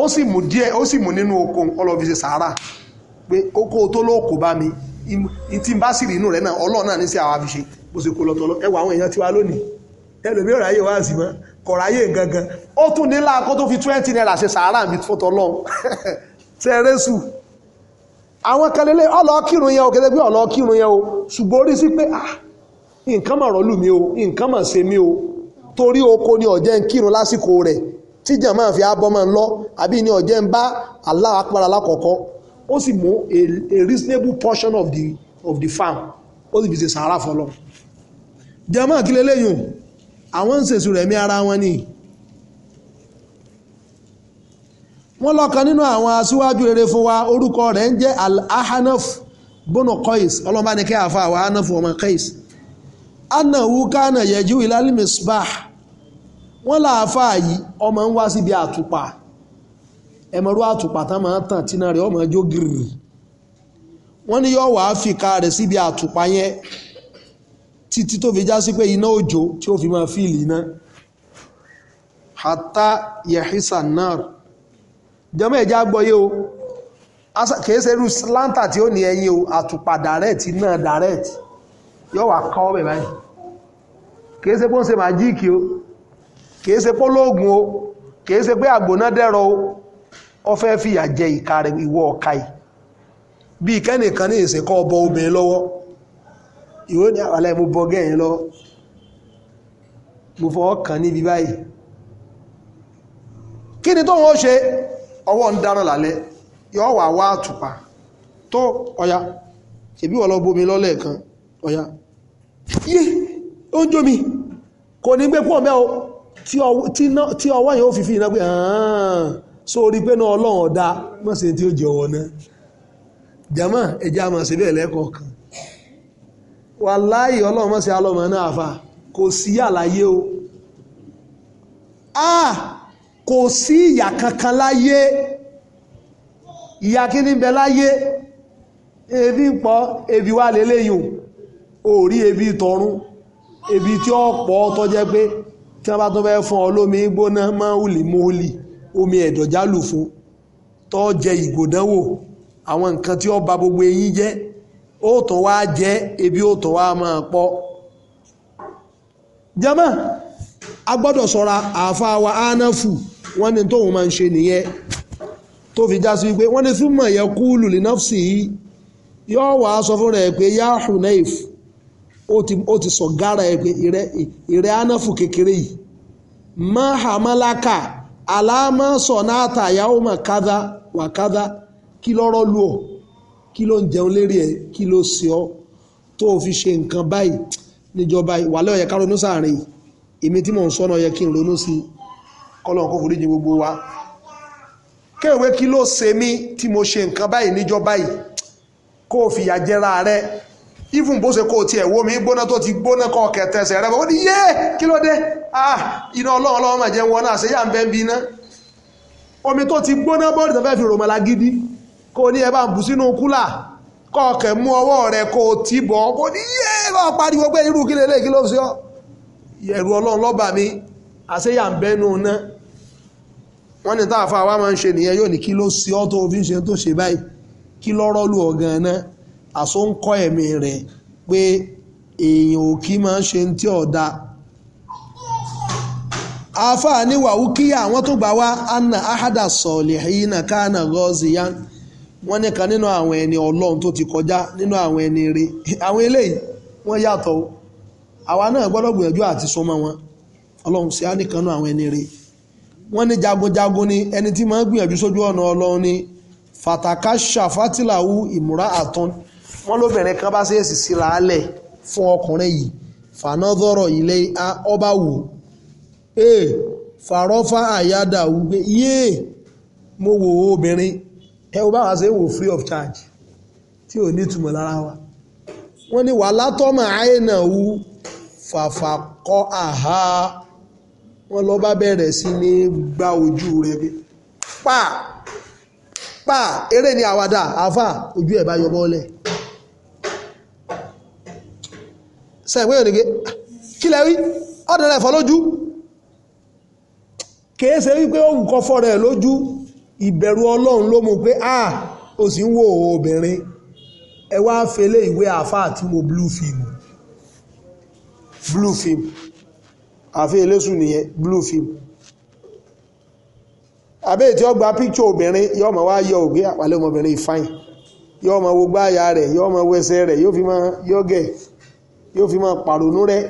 ó sì mú díẹ̀ ó sì mú nínú oko ọlọ́fi ṣe sàárà pé oko tó ló kó bá mi tí n bá sì rí inú rẹ̀ náà ọlọ́ọ̀ náà ní sí àwọn àfiṣe bó ṣe kó lọ́tọ́ lọ ẹwà àwọn èèyàn tiwa lónìí ẹlòmí ò ráyè wá sí mọ́ kò ráyè gangan ó tún nílá kó tó fi twenty naira ṣe sàárà mi fún tọ́lọ́hún ṣe àwọn kan lélẹ̀ ọlọ́ọ̀kírun yẹn o kẹ́lẹ́ bí ọlọ́ọ̀kírun yẹn o ṣùgbọ́n orí sí pé ah nǹkan mà rọ́lù mi o nǹkan mà ṣe mi o torí oko ni ọ̀jẹ́ ń kírun lásìkò rẹ̀ tíjà máa fi abọ́ máa ń lọ àbí ní ọ̀jẹ́ ń bá Allahu lákọ̀ọ́kọ́ ó sì mú a reasonable portion of the of the farm ó sì fi ṣe sàárà fọlọ́ jẹ́mọ́ àkílẹ̀ lẹ́yìn àwọn ń ṣèṣù rẹ̀mí ara wọn ni wọ́n lọ́kan nínú àwọn aṣíwájú rere fún wa orúkọ rẹ̀ ń jẹ́ al-ahanaf bono Qais ọlọ́mọbanikẹ́ àfa àwọn ahanaf ọmọ Qais anahu kana yẹjú ilal wọ́n láàfáà yìí ọmọ ń wá síbi àtùpà ẹmọ̀rú àtùpà tán máa tàn tí náà rẹ̀ ọmọ jó gírì wọ́n ní yọ́ wàá fìka rẹ̀ síbi àtùpà yẹn títí tó fi já sí pé iná òjò tí ó fi máa fíìlì iná hata yahisa náà jọmọ ẹjẹ agbọye o kìí ṣe irú lanta tí ó ní ẹyin o àtùpà direct náà direct yọ wàá kọ́ bẹ̀ báyìí kìí ṣe pé ó ń ṣe màjíìkì o. kìí ṣe o kìí ṣe pé àgbòná dẹ́rọ ọ fẹ́ jẹ ìka ìwọ ọ̀ka yìí bíi kẹ́nìkan ní ìsìnkọ́ ọbọ obìnrin lọ́wọ́ ìwé ní àwàlẹ́ mo bọ gẹ́yìn lọ mo fọwọ́ kàn níbi báyìí kí ni tóun ó ṣe ọwọ́ ń dáná lálẹ́ yọ wà wá àtùpà ọya ṣèbí wọ́n lọ bomi ọya yé ó ń jó mi kò ní gbé pọ̀ mẹ́ o tí ọwọ́ yẹn ó fi fi iná pé àán sórí pé náà ọlọ́run ọ̀dá mọ́ sí tí ó jẹ ọwọ́ náà jama ẹja mọ̀ sí bẹ́ẹ̀ lẹ́kọ̀ọ̀kan wà láàyè ọlọ́run mọ́ sí alọ́mọ náà àfà kò sí àlàyé o a ah, kò sí ìyà kankan láyé ìyà kí ní bẹ láyé ebi ń pọ̀ ebi wà lélẹ́yìn ò rí ebi tọrún ebi tí ó pọ̀ tó pé tí wọ́n bá tún fẹ́ fún ọ lómi gbóná máwùlì móòlì omi ẹ̀dọ̀ jálù fún tó jẹ ìgòdánwò àwọn nǹkan tí ó ba gbogbo eyín jẹ́ ó tún wá jẹ́ ebi ó tún wá máa pọ̀ jama a gbọ́dọ̀ sọ́ra àáfàá wa ánáfù wọ́n ní tóun máa ń ṣe nìyẹn tó fi já sí wípé wọ́n ní súnmọ̀ yẹ kúlù lè náfsì yìí yóò wá sọ fún rẹ̀ pé yá Hunayf o ti sọ gara ẹ pé anafu kekere yi yìí máa hàmálàkà ma náà tàyàwó mà kádà wà kada wa kada lù ọ́ luo ló ń jẹun lérí ẹ kí ló ṣe ọ́ tó o fi ṣe nkan báyìí níjọba ìwàlẹ́ ọ̀yẹ́ ká ronú sáàrin yìí èmi tí mò ń sọ́nà ọ̀yẹ́ kí n ronú sí i kọ́lọ́n kó foríjì gbogbo wa keewe kí ló se mi tí mo ṣe nkan báyìí nijọba yi kó o fìyà jẹra rẹ even bó ṣe kó tiẹ̀ wo mi gbóná tó ti gbóná kọ́ kẹtẹsẹ̀ rẹ bó ní yé kí ló dé ah iná ọlọ́run ọlọ́run máa jẹ́ wọn náà ṣe yá ń bẹ́ ń bí iná omi tó ti gbóná bọ́ọ̀lù tó fẹ́ fi ròmọ́lá gidi kó ní ẹ bá ń bù sínú kúlà kọ́ ọ̀kẹ́ mú ọwọ́ rẹ kó o ti bọ̀ kó ní yé kọ́ ọ pariwo pé irú kí lélẹ́yìí kí ló ṣe ọ́ ẹ̀rù ọlọ́run lọ́ba mi àṣeyà ń bẹ́nu náà wọ́n ní táàfà wa máa ń ṣe nìyẹn yóò ní kí ló ṣe ọ́ tó fi ń ṣe tó ṣe báyìí kí lọ́rọ́ lù ọ̀gàn náà àsó ń kọ́ ẹ̀mí rẹ̀ pé èèyàn ò kí máa ń ṣe tí ọ̀dà àáfàá ní wàhúkíyà àwọn tó gbà wá anna ahada sọ̀lìhìnà kánà gọ́ọ̀zìyàn wọ́n ní kan nínú àwọn ẹni ọlọ́run tó ti kọjá nínú àwọn ẹni rere àwọn eléyìí wọ́n yàtọ̀ àwa náà gbọ́dọ̀ gbìyànjú àti súnmọ́ wọn ọlọ́run sí á nìkan nínú àwọn ẹni rere wọ́n ní jagunjagun ni ẹni tí máa ń gbìyànjú sójú ọ̀nà ọlọ́run ni fàtàkà ṣàfàtìláwù ìmúra àtọ́n wọ́n lóbìnrin kan bá ṣèèsì síra álẹ̀ fún ọkùnrin yìí fanadọ́rọ̀ ilé ọba wò ee farọ́fà àyádà wípé yéè mo wò ó obìnrin ẹ o bá wá ṣe wò free of charge tí ò ní ìtumọ̀ lára wa wọ́n ní wà látọ́mọ̀ ayé náà wú fàfà kọ́ àhá wọ́n lọ bá bẹ̀rẹ̀ sí ní gba ojú rẹ̀ bí pa pa eré ni àwàdà àfà ojú ẹ̀ bá yọ bọ́ọ̀lẹ̀ sẹ́yìn pé ònìgé kí lẹ́rí ọ̀dọ̀lẹ̀ ẹ̀fọ́ lójú kìí wípé ó nǹkan fọ́ rẹ̀ lójú ìbẹ̀rù ọlọ́run ló mú pé a ah, ó sì ń wo obìnrin ẹ fẹ́lẹ̀ ìwé àfáà tí mo blue film blue film àfẹ́ elésù nìyẹn blue film àbẹ́ tí ó gba píkṣọ obìnrin yọ ma wá yọ ògbé àpàlẹ́ ọmọbìnrin wo gbáyà rẹ̀ wo ẹsẹ̀ rẹ̀ yóò fi yóò fi máa pàrònú rẹ̀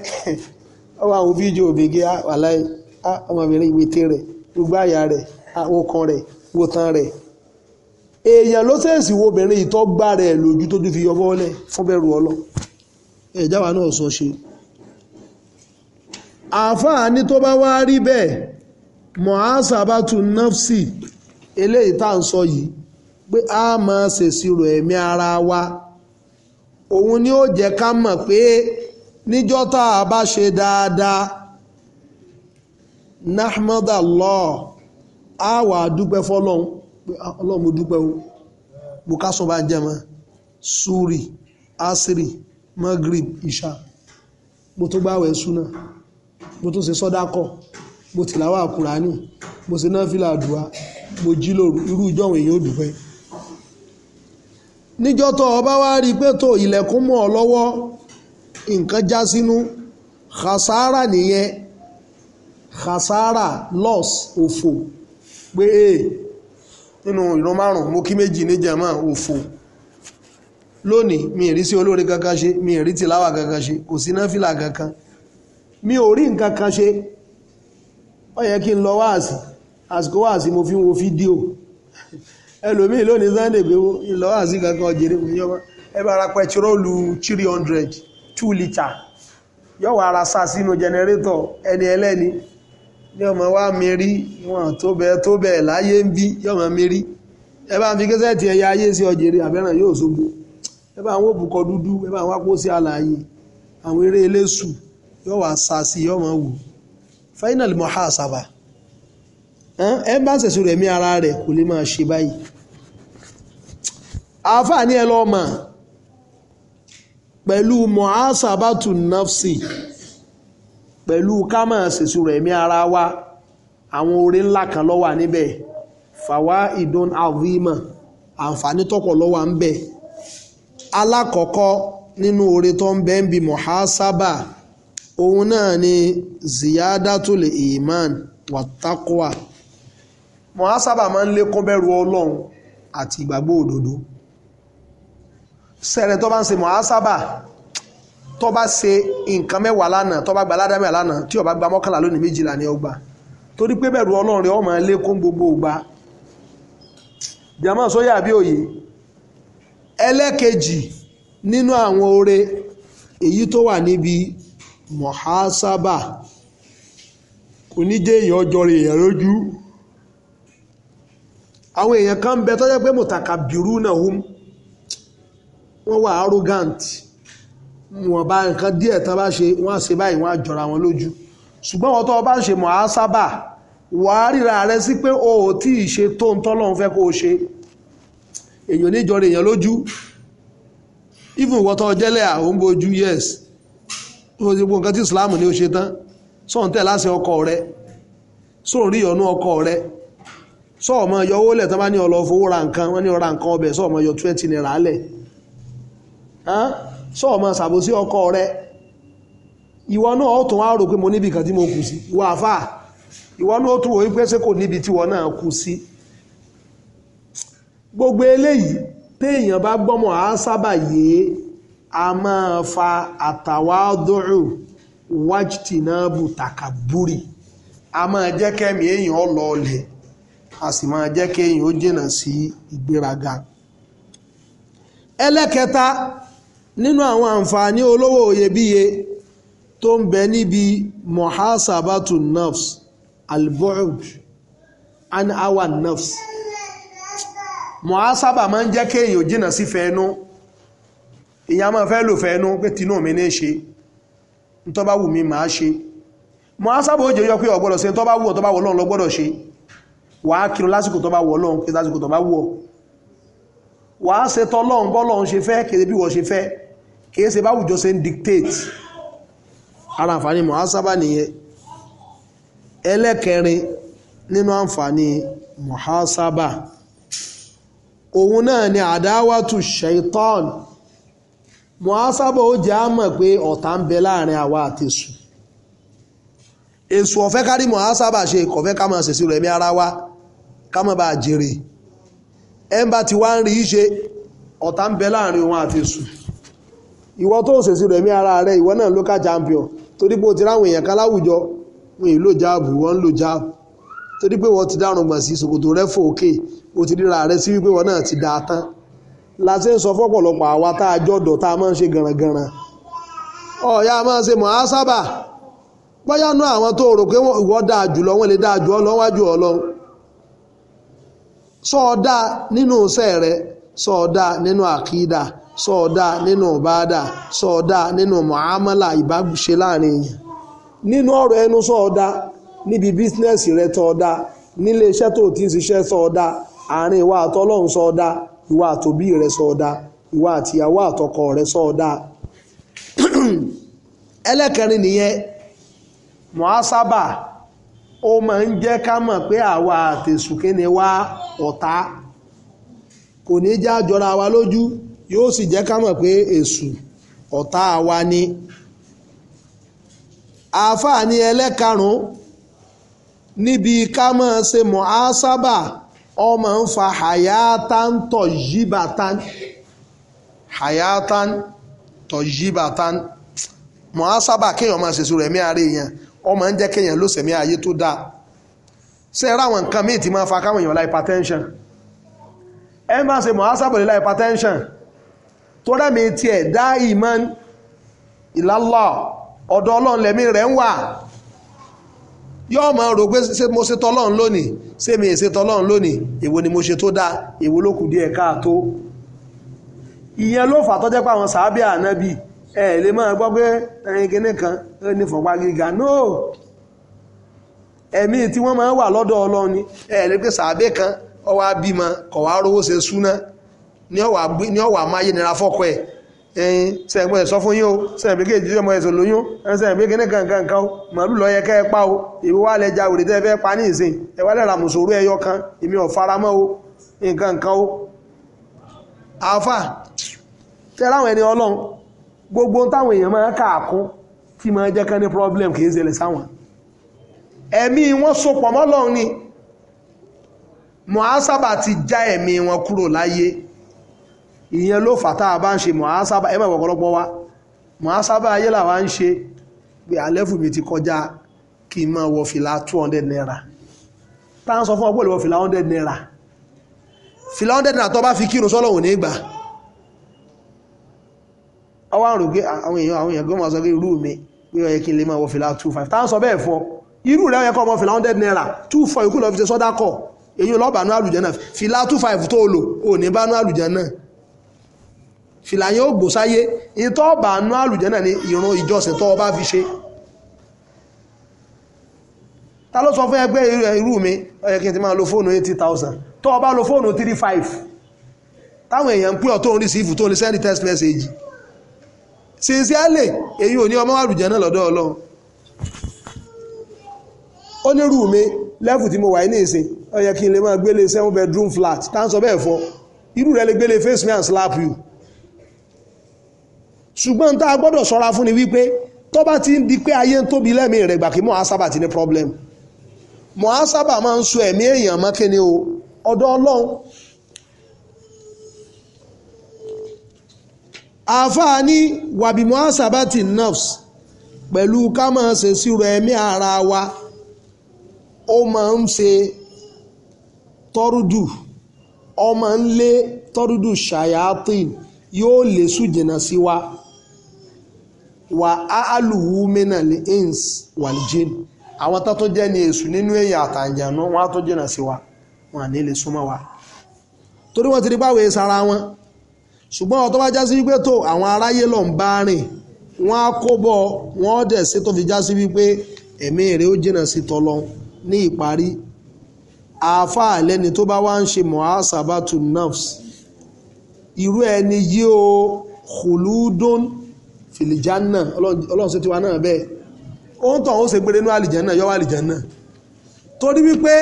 ọwọ́ àwọn fídíò òbègé àláì ah, ah, ọmọbìnrin ìwètè rẹ̀ gbogbo àyà rẹ̀ ah, àwọn kan rẹ̀ wòtán rẹ̀ èèyàn ló sẹ́ẹ̀sì wo obìnrin ìtọ́ gbá rẹ̀ lójú tó tún fi yọ bọ́ọ̀lẹ̀ fún bẹ̀rù ọlọ ẹ̀jáwa náà sọ ṣe àáfàá ní tó bá wá rí bẹ́ẹ̀ mọ̀ásàbátù nafsi eléyìí tá à ń sọ yìí pé a máa ṣèṣirò ẹ̀mí ara wa òun ni ó jẹ́ ká mọ̀ pé níjọ́ tá a bá ṣe dáadáa nahmad allah a wà dúpẹ́ fọlọ́run pé ah, ọlọ́run mo dúpẹ́ o mo ká sùn bá ń jẹmọ́ suri asiri magrib isha mo tó gbàwẹ̀ súnà mo tó ṣe sọ́dákọ̀ mo tìláwà kùránì mo ṣe náfìlà àdúà mo jí lóru irú ìjọ́wọ̀n èèyàn ò dúpẹ́ níjọ́ tó o bá wá rí i pé tó ilẹ̀kùn mọ́ ọ lọ́wọ́ nǹkan já sínú khasara nìyẹn khasara loss òfò pé eh, nínú ìran márùn mo kí méjì níjàmọ́ òfò lónìí mi ì rí sí olóore kankan ṣe mi ì rí tìláwà kankan ṣe kò sí náfìlà kankan mi ò rí nǹkan kan ṣe ó yẹ kí n lọ wáàsí àsìkò wáàsí mo fi ń wo fídíò ẹlòmíì lónìí Sunday gbowó ìlọ́ àti kankan jèrè fún yọba ẹ bá three hundred two litre yọ ara sá sínú jẹnẹrétọ̀ ẹni ẹlẹ́ni ní wa mérí wọn tó bẹ́ẹ̀ tó bẹ́ẹ̀ láyé ń bí yọmọ mérí ń fi kẹsẹ̀tì ya ayé sí ọjèrè yóò ń wò bùkọ dúdú ń wá kó sí àlàyé àwọn eré eléṣù yọ wà sí yọmọ ẹ bá ń ara rẹ̀ kò lè máa àáfàá ní ẹ lọ mọ̀ pẹ̀lú mọ̀ásàbátù nafsi pẹ̀lú kámà ṣèṣù rẹ̀ mí ara wa àwọn oore ńlá kan ló wà níbẹ̀ fàwa ìdún àvímọ̀ àǹfààní tọ́pọ̀ ló wà níbẹ̀ alákọ̀ọ́kọ́ nínú oore tó ń bẹ ń bi mọ̀hásábà òun náà ni ziyadatul iman wàtákùwà mọ̀hásábà máa ń lékún bẹ̀rù ọlọ́run àti ìgbàgbọ́ òdodo sẹ́rẹ̀ tó bá ń ṣe mọ̀ásábà tó bá se nǹkan mẹ́wàá lánàá tó bá gba aládàá mẹ́wàá lánàá tí ó bá gba mọ́kànlá lónìí méjìlá ni ó gbà torí pé bẹ̀rù ọlọ́run rẹ̀ ó máa lékún gbogbo ìgbà jàmọ́ sóyà bí òye ẹlẹ́kejì nínú àwọn oore èyí tó wà níbi mọ̀hásábà kò ní jẹ́ èèyàn ọjọ́ rẹ̀ èèyàn lójú àwọn èèyàn kan ń bẹ tó pé mùtàkà bìrú náà hùm wọ́n wà arrogant wọ́n bá nǹkan díẹ̀ tán bá ṣe wọ́n á ṣe báyìí wọ́n á jọra wọn lójú ṣùgbọ́n wọ́n tó bá ń ṣe mọ̀ á sábà wà á ríra rẹ sí pé o ò tí ì ṣe tó ń tọ́lọ́run fẹ́ kó o ṣe èèyàn níjọra èèyàn lójú even wọ́n tó jẹ́lẹ̀ àwọn bojú yes ó ti gbogbo nǹkan tí Islam ní o ṣe tán sọ̀ǹtẹ̀ láṣẹ ọkọ rẹ sóòrí ìyọnú ọkọ rẹ sọ̀ọ̀mọ yọ owó lẹ̀ tán bá ní ọlọ́fowó ra nǹkan wọ́n ní ọra nǹkan ọbẹ̀ sọ̀ọ̀mọ yọ twenty naira lẹ̀ sọ́ọ̀mọ́ sàbòsí ọkọ rẹ ìwọ náà ó tún wá rò pé mo níbi kan tí mo kù sí ìwọ àfà ìwọ náà ó tún wò wípé níbi tí gbogbo eléyìí téèyàn bá gbọ́mọ̀ á sábà yéé e. a máa fa àtàwádùrù a máa jẹ́ kẹ́mi èèyàn ọlọ́ọ̀lẹ̀ a sì máa jẹ́ kéèyàn ó jìnnà sí ìgbéraga ẹlẹ́kẹta nínú àwọn àǹfààní olówó oyebíye tó ń bẹ níbi mohasabatu nafs albu'd an awa nafs mohasaba máa ń jẹ́ kéèyàn jìnnà sí fẹ́ẹ́nú ìyá máa fẹ́ lò fẹ́ẹ́nú pé tinú mi ní ṣe tó bá wù mí máa ṣe mohasaba ó jẹ́ yọ pé ó gbọ́dọ̀ ṣe tó wù ọ́ tó bá wù Ọlọ́run ló gbọ́dọ̀ ṣe lásìkò tó bá kí lásìkò tó bá wù ọ́ wàá ṣe tọ́lọ́run bọ́lọ́run ṣe fẹ́ kéde bí wọ́n ṣe fẹ́ kìí ṣe báwùjọ se ń dictate ara àǹfààní muhasaba nìyẹn ẹlẹ́kẹrin nínú àǹfààní muhasaba òun náà ni àdáwàtú shaitan muhasaba ó jẹ́ àmọ̀ pé ọ̀tá ń bẹ láàrin àwa àti èṣù èṣù ọ̀fẹ́ kárí muhasaba ṣe kọ̀fẹ́ ká máa ṣèṣirò ẹ̀mí ara wa ká má bàa jèrè ẹ̀ ń bá ti wá ń rí í ṣe ọ̀tá ń bẹ láàrin òun àti ìwọ tó ń ṣèṣì rẹ̀ ara rẹ̀ ìwọ náà local champion torí pé o ti ráwọn èèyàn kan láwùjọ wọn èlò jáàbù ìwọ ń lò jáàbù torí pé wọ́n ti dárùn gbọ̀n sí ṣòkòtò rẹ̀ fò òkè o ti ríra rẹ̀ sí wípé wọ́n náà ti dáa tán la ṣe ń sọ fọ́pọ̀lọpọ̀ àwa tá a jọ̀dọ̀ tá a máa ń ṣe gànràngànràn ọ̀ya máa ń ṣe mọ̀ á sábà bóyá nú àwọn tó rò pé ìwọ dáa jù lọ wọn lè dáa jù ọ lọ wájú sọ̀ọ́dà nínú ìbáadà sọ̀ọ́dà nínú mọ̀ámọ́là ìbágbùṣe láàrin èèyàn nínú ọ̀rọ̀ ẹnu sọ̀ọ́dà níbi bísínẹ́sì rẹ tọ̀ọ́dà nílé iṣẹ́ tó ti ń ṣiṣẹ́ sọ̀ọ́dà àárín ìwà àtọ́lọ́hún sọ̀ọ́dà ìwà àtòbí rẹ sọ̀ọ́dà ìwà àtìyàwó àtọkọ rẹ sọ̀ọ́dà ẹlẹ́kẹrin nìyẹn mọ̀ásábà ó máa ń jẹ́ ká mọ̀ pé àwa àtẹ̀sùnkẹ́ni wá ọ̀tá kò ní já jọra wa lójú yóò sì jẹ́ ká mọ̀ pé èṣù ọ̀tá wa ni àáfàá ní ẹlẹ́karùn-ún níbi ká máa ṣe mọ̀ásábà ọmọ ń fa hayatan tọ̀yíbatan hayatan tọ̀yíbatan mọ̀ásábà kéèyàn máa ṣèṣù rẹ̀ mí àárẹ̀ èèyàn ọmọ ń jẹ́ kéèyàn ló sẹ̀mí ayé tó dáa ṣe ráwọn nǹkan míì ti máa fa káwọn èèyàn la hypertension ẹ máa ṣe mọ̀ásábà lè la hypertension tó rẹ̀mí tiẹ̀ dá ìmọ̀ ìlàlọ́ ọ̀dọ̀ ọlọ́run lẹ́mí rẹ̀ ń wà yóò rò pé ṣe mo ṣe tọ́lọ́run lónìí ṣe mi ṣe tọ́lọ́run lónìí èwo ni mo ṣe tó dáa èwo ló kù díẹ̀ káàtó ìyẹn ló fà tọ́jẹ́ pé àwọn sàábẹ́ ànábì ẹ̀ lè máa gbọ́ pé kan ẹ̀ ní fọ̀pá gíga no ẹ̀mí tí wọ́n máa wà lọ́dọ̀ ọlọ́run ni lè pé kan ọwọ́ abímọ kọ̀wá rówó ní ọ̀wà máyé nira fọ́kọ ẹ̀ ẹyin sẹ́yìn pé sọ fún yín o sẹ́yìn pé kéèjì ọmọ ẹ̀sọ̀ lóyún sẹ́yìn pé kíní kankan kan màálù lọ yẹ kẹ́ ẹ pa o ìwé wa lẹ́ja òrè tẹ́ fẹ́ pa ní ìsìn ẹ wá lẹ́ra mùsòrò ẹyọ kan èmi ò faramọ́ o nǹkan kan problem kì í ṣẹlẹ̀ sáwọn. ẹ̀mí wọn sopọ̀ mọ́ lọ́run ni mọ̀ á sábà láyé ìyẹn ló fà tá a bá ń ṣe mọ̀ásábà ẹ̀mọ̀ ọ̀pọ̀lọpọ̀ wa mọ̀ásábà ayé làwa ń ṣe pé àlẹ́fù mi ti kọjá kí n máa wọ fìlà two hundred naira tá à ń sọ fún ọ pé olè wọ hundred naira fìlà hundred naira tó bá fi kírun sọ́lọ̀ òní gbà ọwọ́ àrùn pé àwọn èèyàn àwọn èèyàn gbọ́n sọ pé irú mi pé ó yẹ kí n lè máa wọ fìlà two five tá à ń sọ bẹ́ẹ̀ fún ọ irú rẹ̀ yẹ kó ọmọ fìlà hundred naira two four ikú lọ fi ṣe sọ́dá kọ̀ èyí lọ́ọ̀bà nú àlùjẹ two five tó o lò òní bá nú fìlàyé ògbò sáyé ìtọ́ ọba àánú àlùjẹ́ náà ni ìrun ìjọsìn tọ́ ọba fi ṣe ta ló sọ fún ẹgbẹ́ irú mi ó yẹ kí n ti máa lo fóònù 80,000 tọ́ ọba lo fóònù 35 táwọn èèyàn ń pè ọ́ tó ń receive tó ń send text message sincerely èyí ò ní ọmọ àlùjẹ́ náà lọ́dọ̀ ọlọ́run ó ní irú mi lẹ́fù tí mo wà ní ìsìn ó yẹ kí n lè máa gbélé seven bedroom flat tá ń sọ bẹ́ẹ̀ fọ́ irú rẹ̀ lè gbélé face me and slap you ṣùgbọ́n tá a gbọ́dọ̀ ṣọ́ra fún ni wípé tó bá ti ń di pé ayé ń tóbi lẹ́mìí rẹ̀ gbà kí ní problem mọ̀hásábà máa ń so ẹ̀mí èèyàn mọ́kẹ́ni o ọ̀dọ̀ ọlọ́run àáfàá ni wàbí mọ̀hásábà ti nerves pẹ̀lú ká máa ṣe sírò ẹ̀mí ara wa ó máa ń ṣe tọ́rùdù ọmọ ń lé tọ́rùdù ṣàyàtìn yóò lè sùn jìnnà sí wa. wà áàlùwú mẹ́nà lè ins wà lè jìn àwọn tó tó jẹ́ ní èṣù nínú èèyàn àtàǹjànú wọn tó jìnà sí wa wọn ní lè súnmọ́ wa torí wọn ti rí báwo sara wọn ṣùgbọ́n ọ̀tọ́ bá já sí wípé tó àwọn aráyé lọ ń bá rìn wọn á kó bọ̀ wọn ó dẹ̀ sí tó fi já sí wípé ẹ̀mí rẹ̀ ó jìnà sí tọlọ ní ìparí àáfàá lẹ́ni tó bá wá ń ṣe muhasabatu nafs irú ẹni yìí o khuludun fìlìjánà ọlọ́run sí tiwa náà bẹ́ẹ̀ ohun tó ń ṣe gbére ní àlìjánà yọ́wọ́ àlìjánà torí wípé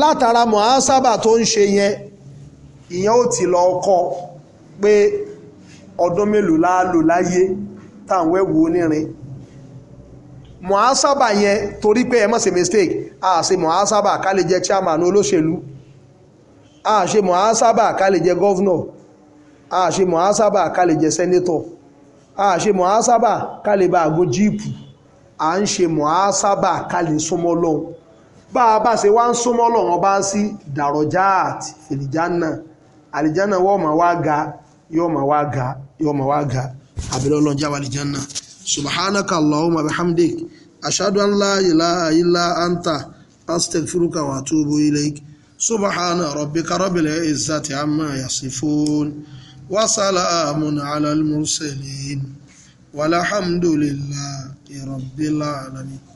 látara mọ̀hásábà tó ń ṣe yẹn ìyẹn ó ti lọ kọ́ pé ọdún mélòó láàlò láyé táwọn ẹ̀wù onírin mọ̀hásábà yẹn torí pé ẹ má ṣe mistake a ṣe mọ̀hásábà ká lè jẹ chairman olóṣèlú a ṣe mọ̀hásábà ká lè jẹ governor a ṣe mọ̀hásábà ká lè jẹ senator a ṣe mọ̀ásábà ká lè bá àgọ́ jíìpù à ń ṣe mọ̀ásábà ká lè súnmọ́ lọ́hùn bá a bá ṣe wá ń súnmọ́ lọ́hùn ọba sí dàrọ̀já àti fìlìjánà àlìjánà wọ́n máa wá ga yóò máa wá ga yóò máa wá ga àbẹ̀rẹ̀ ọlọ́njà wà àlìjánà subhanaka allahumma bihamdik ashhadu an la ilaha illa anta astaghfiruka wa atubu ilaik subhana rabbika rabbil izzati amma yasifun. وسلام على المرسلين والحمد لله رب العالمين